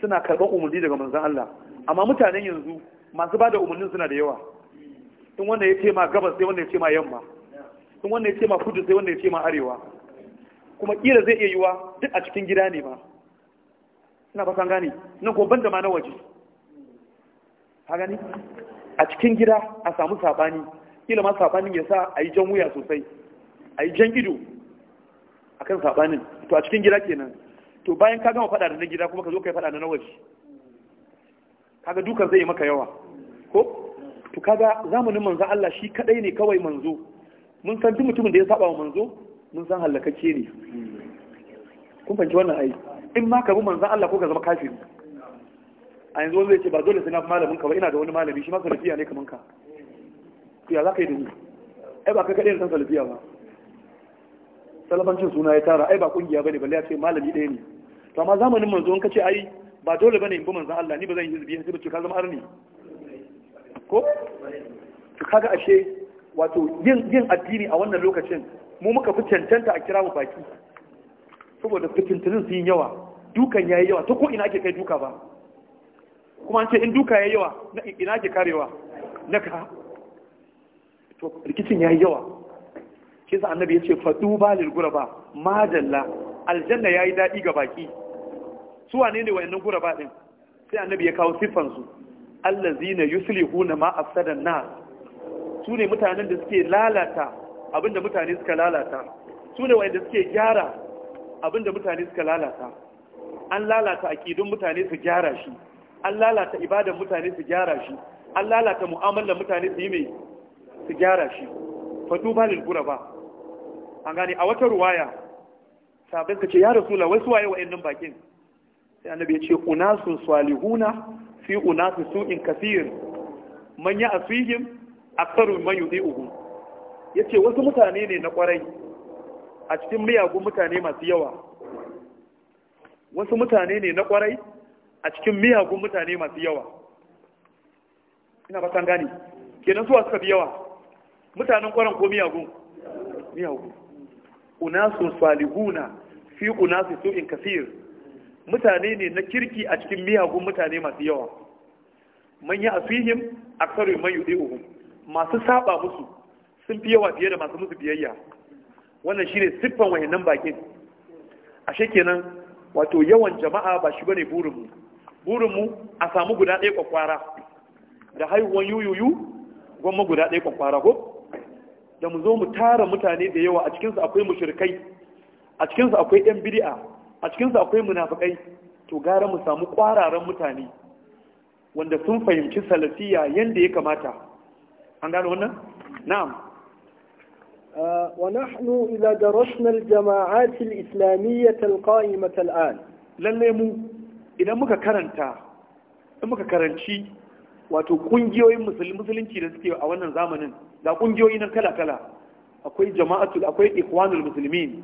suna karɓar umarni daga manzan Allah amma mutanen yanzu masu ba da umarnin suna da yawa in wanda ya ce ma gabas sai wanda ya ce ma yamma in wanda ya ce ma kudu sai wanda ya ce ma arewa kuma kila zai iya yiwa duk a cikin gida ne ma ina ba san gane nan ko banda ma na waje ha gani a cikin gida a samu sabani kila ma sabanin ya sa a yi jan wuya sosai a yi jan ido akan sabanin to a cikin gida kenan to bayan ka gama faɗa da na gida kuma ka zo ka yi faɗa da na waje kaga dukan zai yi maka yawa ko to kaga zamanin manzo Allah shi kadai ne kawai manzo mun san duk mutumin da ya saba wa manzo mun san halakacce ne kun fahimci wannan ai in ma ka bi manzo Allah ko ka zama kafiri a yanzu wanda zai ce ba dole sai na malamin ka ba ina da wani malami shi ma salafiya ne kaman ka to ya zaka yi da ni ai ba ka kadai ne san salafiya ba salafancin suna ya tara ai ba kungiya bane balle ya ce malami ɗaya ne to amma zamanin manzo in kace ai ba dole bane in bi manzo Allah ni ba zan yi hizbi sai bace ka zama arni ko to kaga ashe wato yin yin addini a wannan lokacin mu muka fi cancanta a kira mu baki saboda fitintunin sun yawa dukan yayi yawa ta ko ina ake kai duka ba kuma an ce in duka yayi yawa ina ake karewa na ka to rikicin yayi yawa shi sa annabi ya ce faɗu ba lil guraba madalla aljanna yayi daɗi ga baki su wane ne wayannan guraba din sai annabi ya kawo sifan su allazina yuslihuna ma afsadan nas su ne mutanen da suke lalata abinda mutane suka lalata su ne wayanda suke gyara abinda mutane suka lalata an lalata akidun mutane su gyara shi an lalata ibadan mutane su gyara shi an lalata mu'amalar mutane su yi mai su gyara shi ba lil guraba an gane a wata ruwaya sabai ka ce ya rasula wai suwaye wayannan bakin sai annabi ya ce unasun salihuna fi unasu su'in kasir man ya asihim aksaru man yudhi'uhu yace wasu mutane ne na kwarai a cikin miyagun mutane masu yawa wasu mutane ne na kwarai a cikin miyagun mutane masu yawa ina ba gani kenan su suka fi yawa mutanen kwaran ko miyagun miyagun unasun salihuna fi unasu su'in kasir mutane ne na kirki a cikin miyagun mutane masu yawa man a asihim mai man yudi'uhum masu saba musu sun fi yawa fiye da masu musu biyayya wannan shine siffan wayannan bakin ashe kenan wato yawan jama'a ba shi bane burin mu burin a samu guda ɗaya kwakwara da haihuwan yuyuyu gwamma guda ɗaya kwakwara ko da mu zo mu tara mutane da yawa a cikinsu akwai mushrikai a cikinsu akwai yan bid'a a cikinsu akwai munafukai to gara mu samu kwararan mutane wanda sun fahimci salafiya yadda ya kamata an gano wannan na'am ونحن إذا درسنا الجماعات الإسلامية القائمة الآن lallai mu idan muka karanta idan muka karanci wato kungiyoyin musulunci da suke a wannan zamanin da kungiyoyi nan kala-kala akwai jama'atul akwai ikwanul musulmin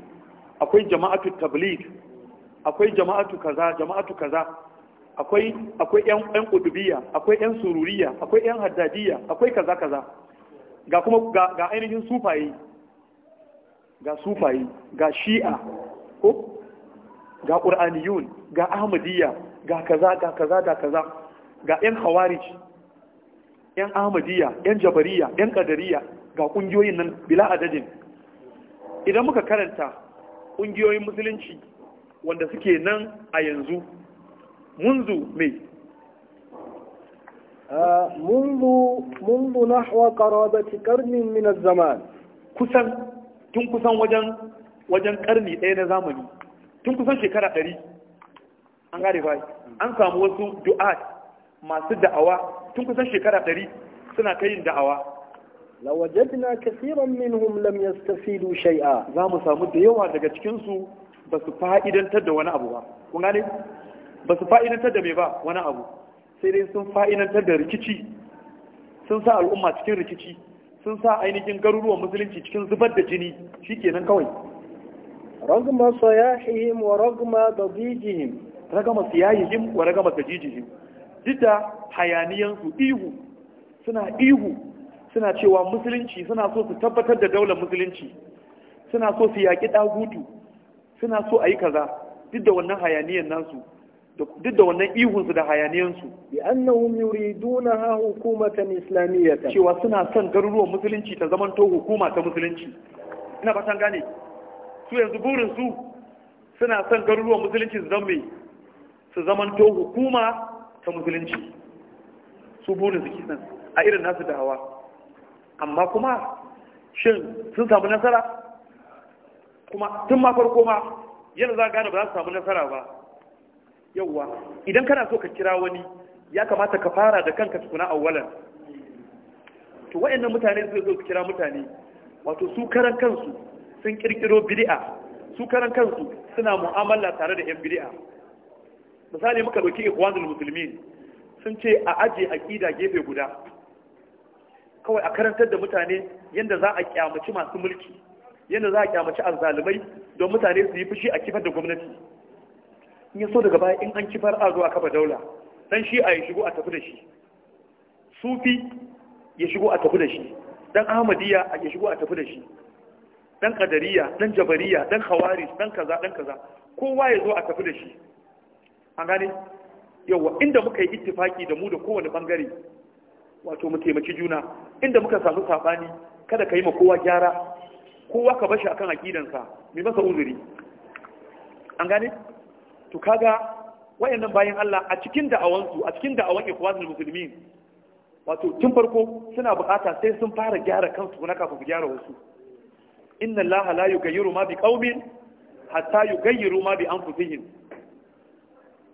akwai jama'atul tabligh akwai jama'atu kaza jama'atu kaza akwai akwai yan yan kudubiya akwai yan sururiya akwai yan haddadiya akwai kaza kaza ga kuma ga, ainihin sufaye ga sufaye ga shi'a ko ga qur'aniyun ga ahmadiyya ga kaza ga kaza ga kaza ga yan khawarij yan ahmadiyya yan jabariya yan qadariyya ga kungiyoyin nan bila adadin idan muka karanta kungiyoyin musulunci wanda suke nan a yanzu munzu mai ah, munzu nahwa qarabati min az-zaman kusan tun kusan wajen wajen karni ɗaya na zamani tun kusan shekara ɗari an gane an samu wasu du'a masu da'awa tun kusan shekara ɗari suna ta yin da'awa lawajadna kasiran minhum lam yastafidu shay'a za mu samu da yawa daga cikin su ba su fa'idantar da wani abu ba kun gane ba su fa'idantar da mai ba wani abu sai dai sun fa'idantar da rikici sun sa al'umma cikin rikici sun sa ainihin garuruwan musulunci cikin zubar da jini shi kenan kawai ragma sayahihim wa ragma dabijihim ragma sayahihim wa ragma dabijihim duk da hayaniyansu ihu suna ihu suna cewa musulunci suna so su tabbatar da daular musulunci suna so su yaƙi ɗagutu suna so a yi kaza duk da wannan hayaniyan nasu duk da wannan ihunsu da hayaniyansu bi annahum yuriduna ha hukumatan islamiyata cewa suna son garuruwan musulunci ta to hukuma ta musulunci ina fatan gane su yanzu burin su suna son garuruwan musulunci su zama su to hukuma ta musulunci su burin su kisan a irin nasu da hawa amma kuma shin sun samu nasara kuma tun ma farko ma yana za gane ba za su samu nasara ba yauwa idan kana so ka kira wani ya kamata ka fara da kanka tukuna awwalan to wayannan mutane su zo kira mutane wato su karan kansu sun kirkiro bid'a su karan kansu suna mu'amala tare da yan bid'a misali muka dauki ikhwanul muslimin sun ce a aje aqida gefe guda kawai a karantar da mutane yanda za a kyamaci masu mulki yadda za a kyamaci azzalumai don mutane su yi fushi a kifar da gwamnati in ya so daga baya in an kifar a zo a kafa daula dan shi a ya shigo a tafi da shi sufi ya shigo a tafi da shi dan ahmadiyya a ya shigo a tafi da shi dan kadariya dan jabariya dan Hawari, dan kaza dan kaza kowa ya zo a tafi da shi an gane yawa inda muka yi ittifaki da mu da kowane bangare wato mu taimaki juna inda muka samu sabani kada ka yi ma kowa gyara kowa ka bashi akan aqidansa mai masa uzuri an gane to kaga wayannan bayan Allah a cikin da'awansu a cikin da'awan ikhwanul muslimin wato tun farko suna bukata sai sun fara gyara kansu kuma kafin su gyara wasu inna Allah la yughayyiru ma qaumin hatta yughayyiru ma bi anfusihim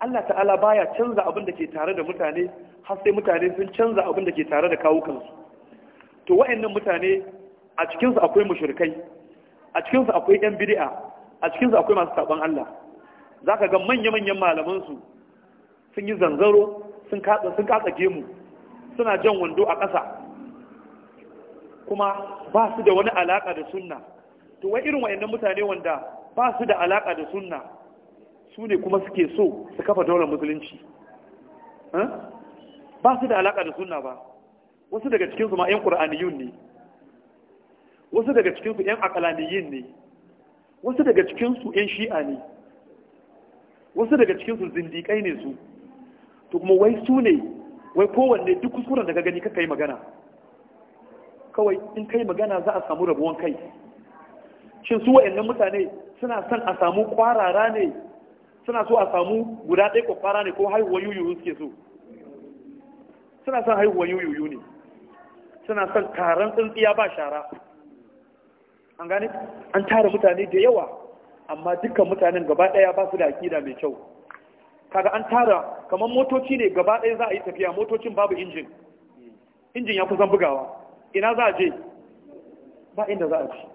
Allah ta'ala baya canza abin da ke tare da mutane har sai mutane sun canza abin da ke tare da kawukansu to wayannan mutane a cikinsu akwai mushrikai a cikinsu akwai yan biri'a, a cikinsu akwai masu saɓon Allah Za ka ga manya-manyan malamansu sun yi zanzaro sun katsa gemu suna jan wando a ƙasa kuma ba su da wani alaƙa da sunna to wai irin wayannan mutane wanda ba su da alaƙa da sunna su ne kuma suke so su kafa daular musulunci ba su da alaƙa da sunna ba wasu daga cikinsu ma 'yan ƙura'aniyun ne wasu daga cikinsu 'yan akalaniyin ne wasu daga cikinsu 'yan shi'a ne wasu daga cikinsu zindiƙai ne su to kuma wai su ne wai kowanne duk kuskuren daga gani ka kai magana kawai in kai magana za a samu rabuwan kai shin su wa'annan mutane suna son a samu kwarara ne suna so a samu guda ɗaya kwakwara ne ko haihuwar yuyuyu suke so suna son haihuwar yuyuyu ne suna son karan tsintsiya ba shara an gane an tara mutane da yawa amma dukkan mutanen gaba daya ba su da akida mai kyau kaga an tara kamar motoci ne gaba daya za a yi tafiya motocin babu injin injin ya kusan bugawa ina za a je ba inda za a je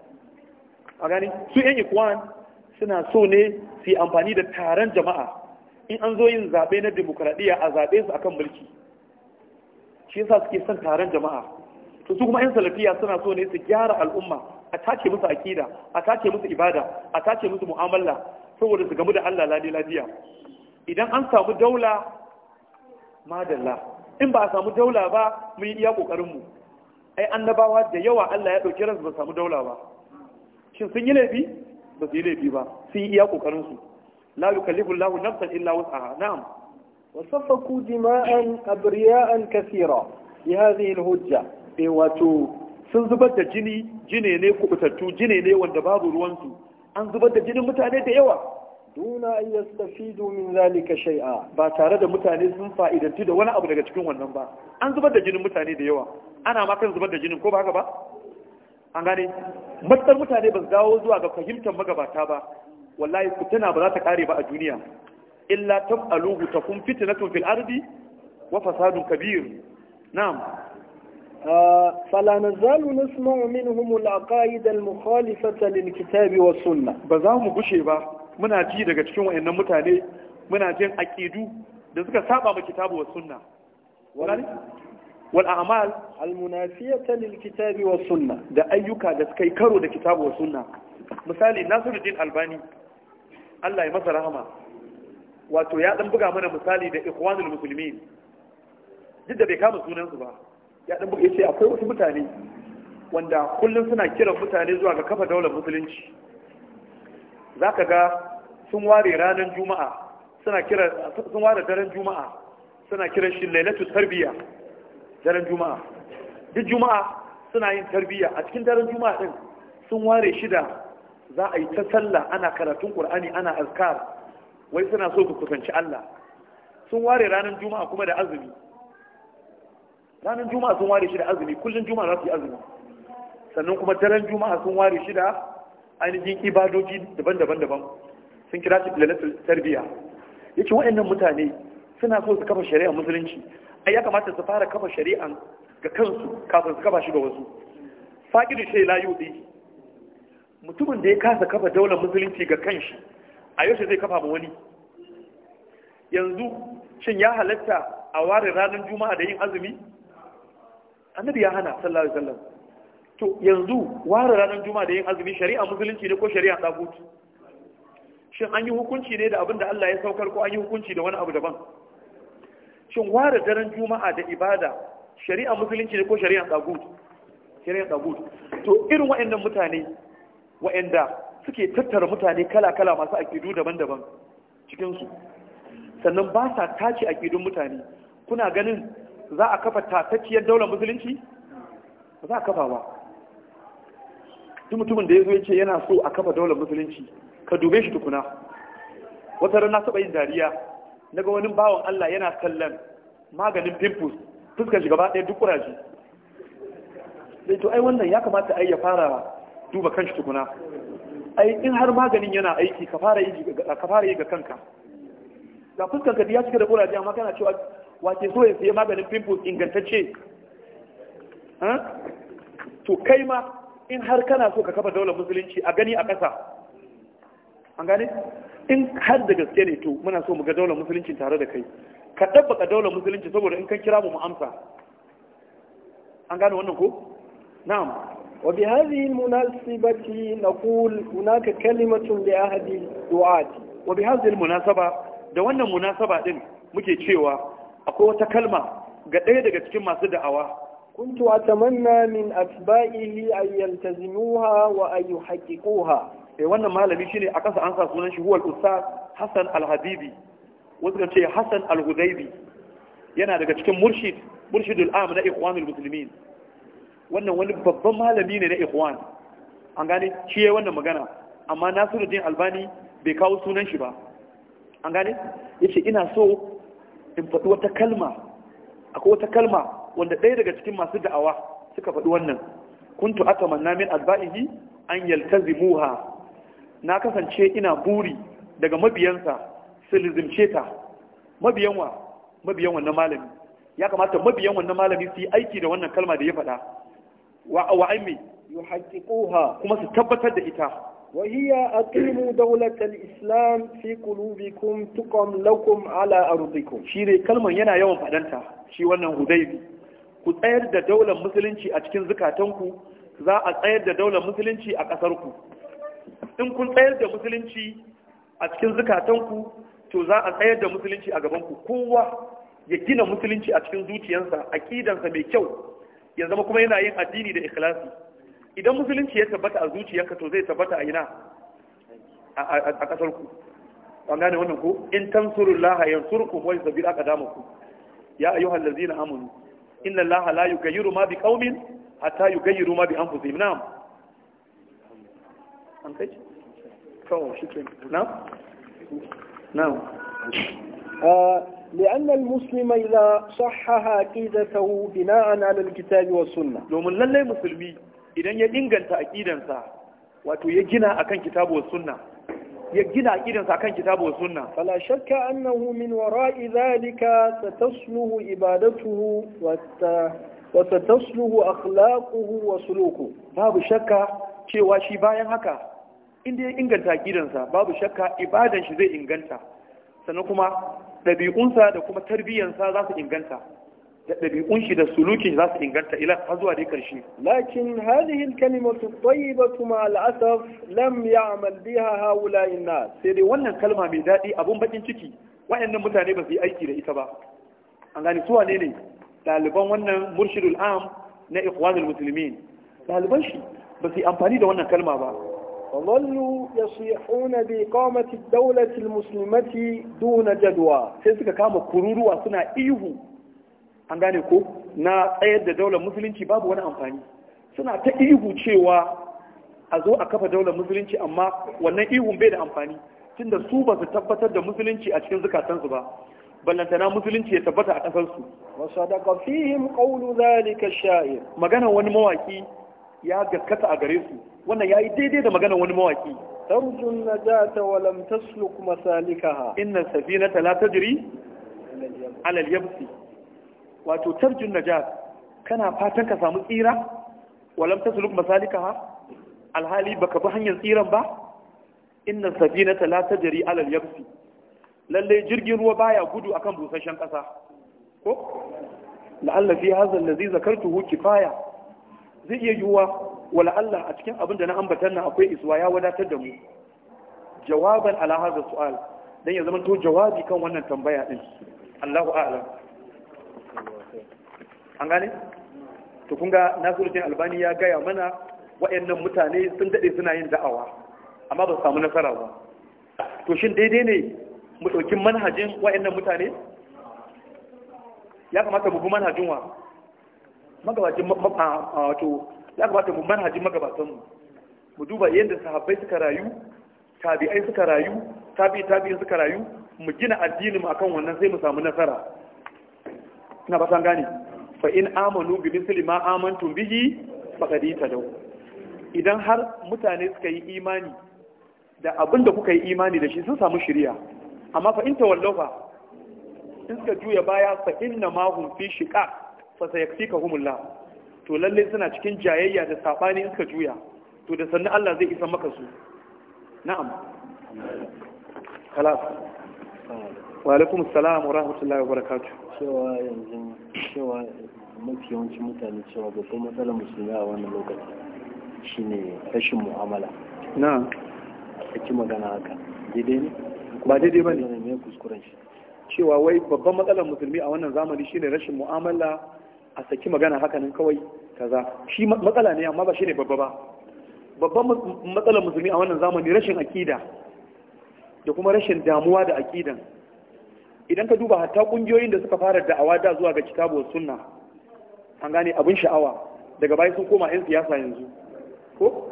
a gani su yan ikwan suna so ne su yi amfani da taron jama'a in an zo yin zaɓe na demokradiyya a zaɓe su akan mulki shi yasa suke son taron jama'a to su kuma yan salafiya suna so ne su gyara al'umma a take musu akida a take musu ibada a take musu mu'amala saboda su gamu da Allah ladi lafiya idan an samu daula madalla in ba a samu daula ba mun yi iya kokarin mu ai annabawa da yawa Allah ya dauki ransu ba samu daula ba shin sun yi laifi ba su yi laifi ba sun yi iya kokarin su la yukallifu Allahu nafsan illa wus'aha na'am abriya'an kaseera أبرياء hadhihi بهذه hujja. wato sun zubar da jini jine ne kubutattu jine ne wanda babu ruwansu an zubar da jinin mutane da yawa duna yastafidu min zalika shay'a ba tare da mutane sun fa'idantu da wani abu daga cikin wannan ba an zubar da jinin mutane da yawa ana ma kan zubar da jinin ko ba haka ba an gane matsar mutane ba su dawo zuwa ga fahimtar magabata ba wallahi fitina ba za ta kare ba a duniya illa tam'aluhu takun fitnatun fil ardi wa fasadun kabir na'am فلا نزال نسمع منهم العقائد المخالفة للكتاب والسنة بزاهم بشي با منا جي daga cikin wayannan mutane muna jin aqidu da suka saba ma kitabu was sunna wal a'mal al munafiyata lil kitabi was sunna da ayyuka da suka yi karo da kitabu was sunna misali Nasiruddin Albani Allah ya masa Rahma, wato ya dan buga mana misali da ikhwanul muslimin duk da bai kama sunansu ba ya ɗan buɗe sai akwai wasu mutane wanda kullum suna kiran mutane zuwa ga kafa daular musulunci Za ka ga sun ware ranar juma'a suna kira sun ware daren juma'a suna kiran shi lailatul tarbiya daren juma'a duk juma'a suna yin tarbiya a cikin daren juma'a din sun ware shida za a yi ta sallah ana karatun qur'ani ana azkar wai suna so ku kusanci Allah sun ware ranar juma'a kuma da azumi ranar juma'a sun ware shi da azumi kullum juma'a za su yi azumi sannan kuma daren juma'a sun ware shi da ainihin ibadoji daban-daban daban sun kira shi tarbiyya, tarbiyya yace waɗannan mutane suna so su kafa shari'a musulunci ai ya kamata su fara kafa shari'an ga kansu kafin su kafa shi ga wasu faqidu shay la yudi mutumin da ya kasa kafa daular musulunci ga kanshi a yaushe zai kafa ma wani yanzu shin ya halatta a ware ranar juma'a da yin azumi annabi ya hana sallallahu alaihi wasallam to yanzu ware ranar juma'a da yin azumi shari'a musulunci ne ko shari'a dagutu shin an yi hukunci ne da abin da Allah ya saukar ko an yi hukunci da wani abu daban shin ware daren juma'a da ibada shari'a musulunci ne ko shari'a dagutu shari'a dagutu to irin waɗannan mutane waɗanda suke tattara mutane kala-kala masu akidu daban-daban cikinsu sannan ba sa tace akidun mutane kuna ganin za a kafa tatacciyar daular musulunci ba za a kafa ba duk mutumin da ya zo ya ce yana so a kafa daular musulunci ka dube shi tukuna wata rana taɓa yin dariya na ga wani bawan Allah yana kallon maganin pimples fuskar shi gaba ɗaya duk kuraji sai to ai wannan ya kamata ai ya fara duba kan shi tukuna ai in har maganin yana aiki ka fara yi ga kanka ga fuskar ka ya cika da kuraji amma kana cewa wace so ya siya maganin pimples ingantacce to kai ma in har kana so ka kafa daular musulunci a gani a ƙasa an gane in har da gaske ne to muna so mu ga daular musulunci tare da kai ka ɗabbaka daular musulunci saboda in kan kira mu mu amsa an gane wannan ko na'am وبهذه المناسبة نقول هناك كلمة لأحد دعاتي وبهذه munasaba da wannan munasaba din muke cewa akwai wata kalma ga ɗaya daga cikin masu da'awa kuntu tamanna min atba'ihi an yaltazimuha wa an yuhaqqiquha eh wannan malami shine a kasa an sa sunan shi huwal ustaz Hassan al-Habibi wasu kan ce Hassan al-Hudaybi yana daga cikin murshid murshidul am na ikhwanul muslimin wannan wani babban malami ne na ikhwan an gane shi ya wannan magana amma nasiruddin albani bai kawo sunan shi ba an gane yace ina so in faɗi wata kalma akwai wata kalma wanda ɗaya daga cikin masu da'awa suka faɗi wannan kuntu manna min alba'ihi an yaltazimuha na kasance ina buri daga mabiyansa su lizimce ta mabiyan wa mabiyan wannan malami ya kamata mabiyan wannan malami su yi aiki da wannan kalma da ya faɗa wa wa aimi yuhaqqiquha kuma su tabbatar da ita وهي أقيموا دولة الإسلام في قلوبكم تقم لكم على أرضكم شيري كلمة ينا يوم فعلنتا شي وانا هديبي كتير دا دولة مسلنشي أتكين زكاتنكو za a tsayar da daular musulunci a ƙasarku in ku tsayar da musulunci a cikin zukatanku to za a tsayar da musulunci a gabanku kowa ya gina musulunci a cikin zuciyarsa aƙidansa mai kyau ya zama kuma yana yin addini da ikhlasi idan musulunci ya tabbata a zuciyarka to zai tabbata a ina a kasar ku an gane wannan ko in tansurullah yansurkum wa yusabbir aqdamakum ya ayyuhal ladzina amanu inna allaha la yughayyiru ma biqaumin hatta yughayyiru ma bi anfusihim na'am an kai kawai shi ke na'am na'am uh, لأن المسلم إذا صحح عقيدته بناء على الكتاب والسنة يوم لله مسلمي idan ya inganta aqidansa wato ya gina akan kitabu sunna ya gina aqidansa akan kitabu sunna fala shakka annahu min wara'i zalika satasluhu ibadatuhu wa satasluhu akhlaquhu wa suluku babu shakka cewa shi bayan haka inda ya inganta aqidansa babu shakka ibadan shi zai inganta sannan kuma ɗabi'unsa da kuma tarbiyyansa za su inganta da ɗabi'un shi da sulukin za su inganta ila har zuwa dai ƙarshe. Lakin hadhihi al-kalimatu tayyibatu ma al-asaf lam ya'mal biha haula inna sai dai wannan kalma mai daɗi abun bakin ciki waɗannan mutane ba su yi aiki da ita ba. An gane su wane ne ɗaliban wannan murshidul am na ikhwanul muslimin ɗaliban shi ba su yi amfani da wannan kalma ba. فظلوا يصيحون بإقامة الدولة المسلمة دون جدوى. سيسك كام كرورو suna ihu. an gane ko na tsayar da daular musulunci babu wani amfani suna ta ihu cewa a zo a kafa daular musulunci amma wannan ihun bai da amfani tunda su ba su tabbatar da musulunci a cikin zukatansu ba ballantana musulunci ya tabbata a ƙasarsu wa sadaqa fihim zalika sha'ir magana wani mawaki ya gaskata a gare su wannan ya yi daidai da magana wani mawaki tarju ta wa lam tasluk masalikaha inna safinata la tajri Alal yamsi wato tarjun najat kana fatan ka samu tsira walam tasluk masalikaha alhali baka bi hanyar tsiran ba inna safinata la tajri ala al-yabsi lalle jirgin ruwa baya gudu akan busasshen kasa ko la'alla fi hadha alladhi zakartuhu kifaya zai iya yiwuwa wala Allah a cikin abin da na ambata nan akwai iswa ya wadatar da mu jawaban ala hadha su'al dan ya zama to jawabi kan wannan tambaya din Allahu a'lam an gane to kun ga nasiruddin albani ya gaya mana nan mutane sun daɗe suna yin da'awa amma ba su samu nasara ba to shin daidai ne mu ɗauki manhajin nan mutane ya kamata mu bi manhajin wa magabacin wato ya kamata mu manhajin magabatanmu mu duba yadda sahabbai suka rayu tabi'ai suka rayu tabi'i tabi'in suka rayu mu gina addinin akan wannan sai mu samu nasara ina ba san gane fa in amanu bi misli ma amantu bihi faqad itadaw idan har mutane suka yi imani da abinda kuka yi imani da shi sun samu shiriya amma fa in tawallafa in suka juya baya fa inna ma hum fi shiqa fa sayakfikahumullah to lalle suna cikin jayayya da sabani in suka juya to da sannan Allah zai isa maka su na'am خلاص walaikun alaikum salam wa rahmatullahi wa barakatu. cewa yanzu cewa mafi yawancin mutane cewa babban matsalar musulmi a wannan lokaci shine rashin mu'amala na saki magana haka daidai ne ba daidai ba ne ne kuskuren shi cewa wai babban matsalar musulmi a wannan zamani shine rashin mu'amala a saki magana haka nan kawai kaza shi matsala ne amma ba shine babba ba babban matsalar musulmi a wannan zamani rashin akida da kuma rashin damuwa da akidan idan ka duba hatta kungiyoyin da suka fara da'awa da zuwa ga kitabu sunna an gane abin sha'awa daga baya sun koma 'yan siyasa yanzu ko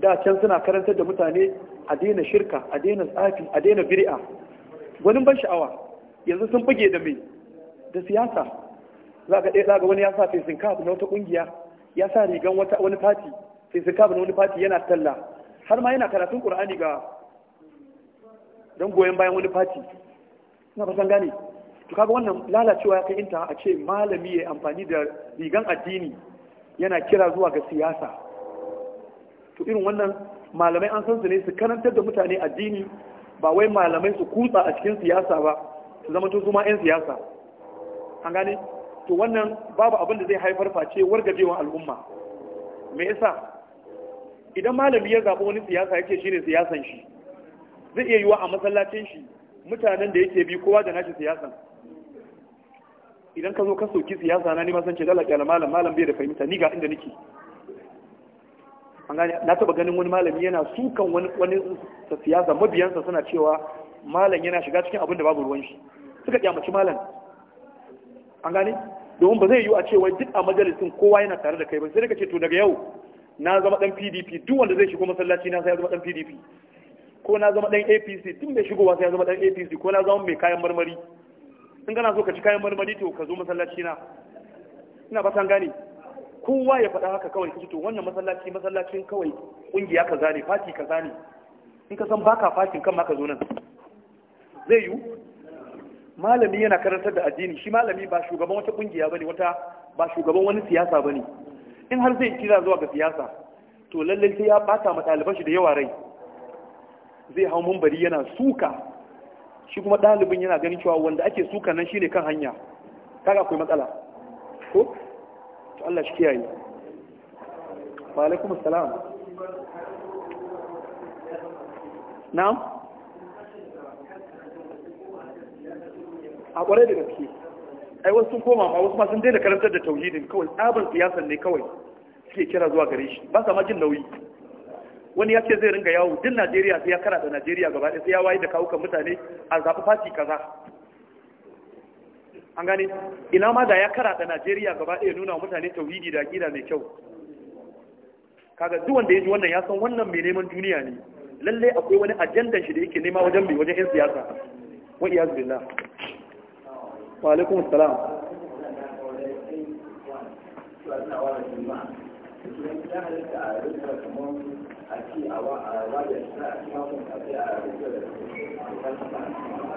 da can suna karantar da mutane a daina shirka a daina tsafi a daina biri'a. gwanin ban sha'awa yanzu sun buge da mai da siyasa za ga ɗaya zaga wani ya sa fesin kaf na wata ƙungiya ya sa rigan wani fati fesin kaf wani fati yana talla har ma yana karatun ƙur'ani ga don goyon bayan wani fati na ba gane to kaga wannan lalacewa ya kai inta a ce malami ya amfani da rigan addini yana kira zuwa ga siyasa to irin wannan malamai an san su ne su karantar da mutane addini ba wai malamai su kutsa a cikin siyasa ba su zama tun zuma 'yan siyasa an gane to wannan babu abin da zai haifar face wargajewan al'umma me yasa idan malami ya zaɓi wani siyasa yake shine siyasan shi zai iya yiwa a masallacin shi mutanen da yake bi kowa da nashi siyasan idan ka zo ka soki siyasa na nima san ce dala kyala malam malam bai da fahimta ni ga inda nake an gane na taba ganin wani malami yana sukan wani wani siyasa mabiyansa suna cewa malam yana shiga cikin abin da babu ruwan shi suka kyamaci malam an gane domin ba zai yiwu a cewa duk a majalisin kowa yana tare da kai ba sai ka ce to daga yau na zama dan PDP duk wanda zai shigo masallaci na sai ya zama dan PDP ko na zama dan apc tun da shigowa sai ya zama dan apc ko na zama mai kayan marmari in kana so ka ci kayan marmari to ka zo masallaci na ina fatan gane kowa ya faɗa haka kawai kace to wannan masallaci masallacin kawai kungiya kaza ne fati kaza ne in ka san baka fatin kan ma ka zo nan zai yiwu malami yana karantar da addini shi malami ba shugaban wata kungiya bane wata ba shugaban wani siyasa bane in har zai kira zuwa ga siyasa to lallai sai ya bata ma ɗaliban shi da yawa rai zai hau mambari yana suka shi kuma ɗalibin yana ganin cewa wanda ake suka nan shine kan hanya kaga akwai matsala ko to Allah shi kiyaye wa alaikum assalam na'am a kwarai da gaske ai wasu sun koma wasu ma sun daina karantar da tauhidin kawai tsabin siyasar ne kawai suke kira zuwa gare shi ba sa ma jin nauyi wani ya ce zai ringa yawo duk najeriya sai ya kara da najeriya gaba ɗaya sai ya wayi da kawukan mutane a zaɓi fati kaza an gane ina ma da ya kara da najeriya gaba ɗaya nuna wa mutane tauhidi da aƙida mai kyau kaga duk wanda ya ji wannan ya san wannan mai neman duniya ne lalle akwai wani ajandan shi da yake nema wajen mai wajen 'yan siyasa wa iyaz billah wa alaikum assalam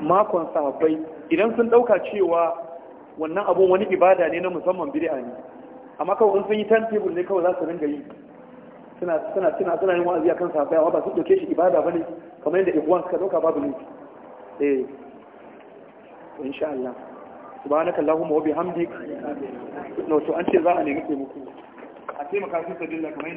makon safai idan sun dauka cewa wannan abun wani ibada ne na musamman bid'a ne amma kawai sun yi timetable ne kawai za su ringa yi suna suna suna suna yin wa'azi akan safai amma ba su dauke shi ibada bane kamar yadda ikwan suka dauka babu ne eh insha Allah subhanaka allahumma wa bihamdik no to an ce za a nemi taimako a taimaka su sabilla kamar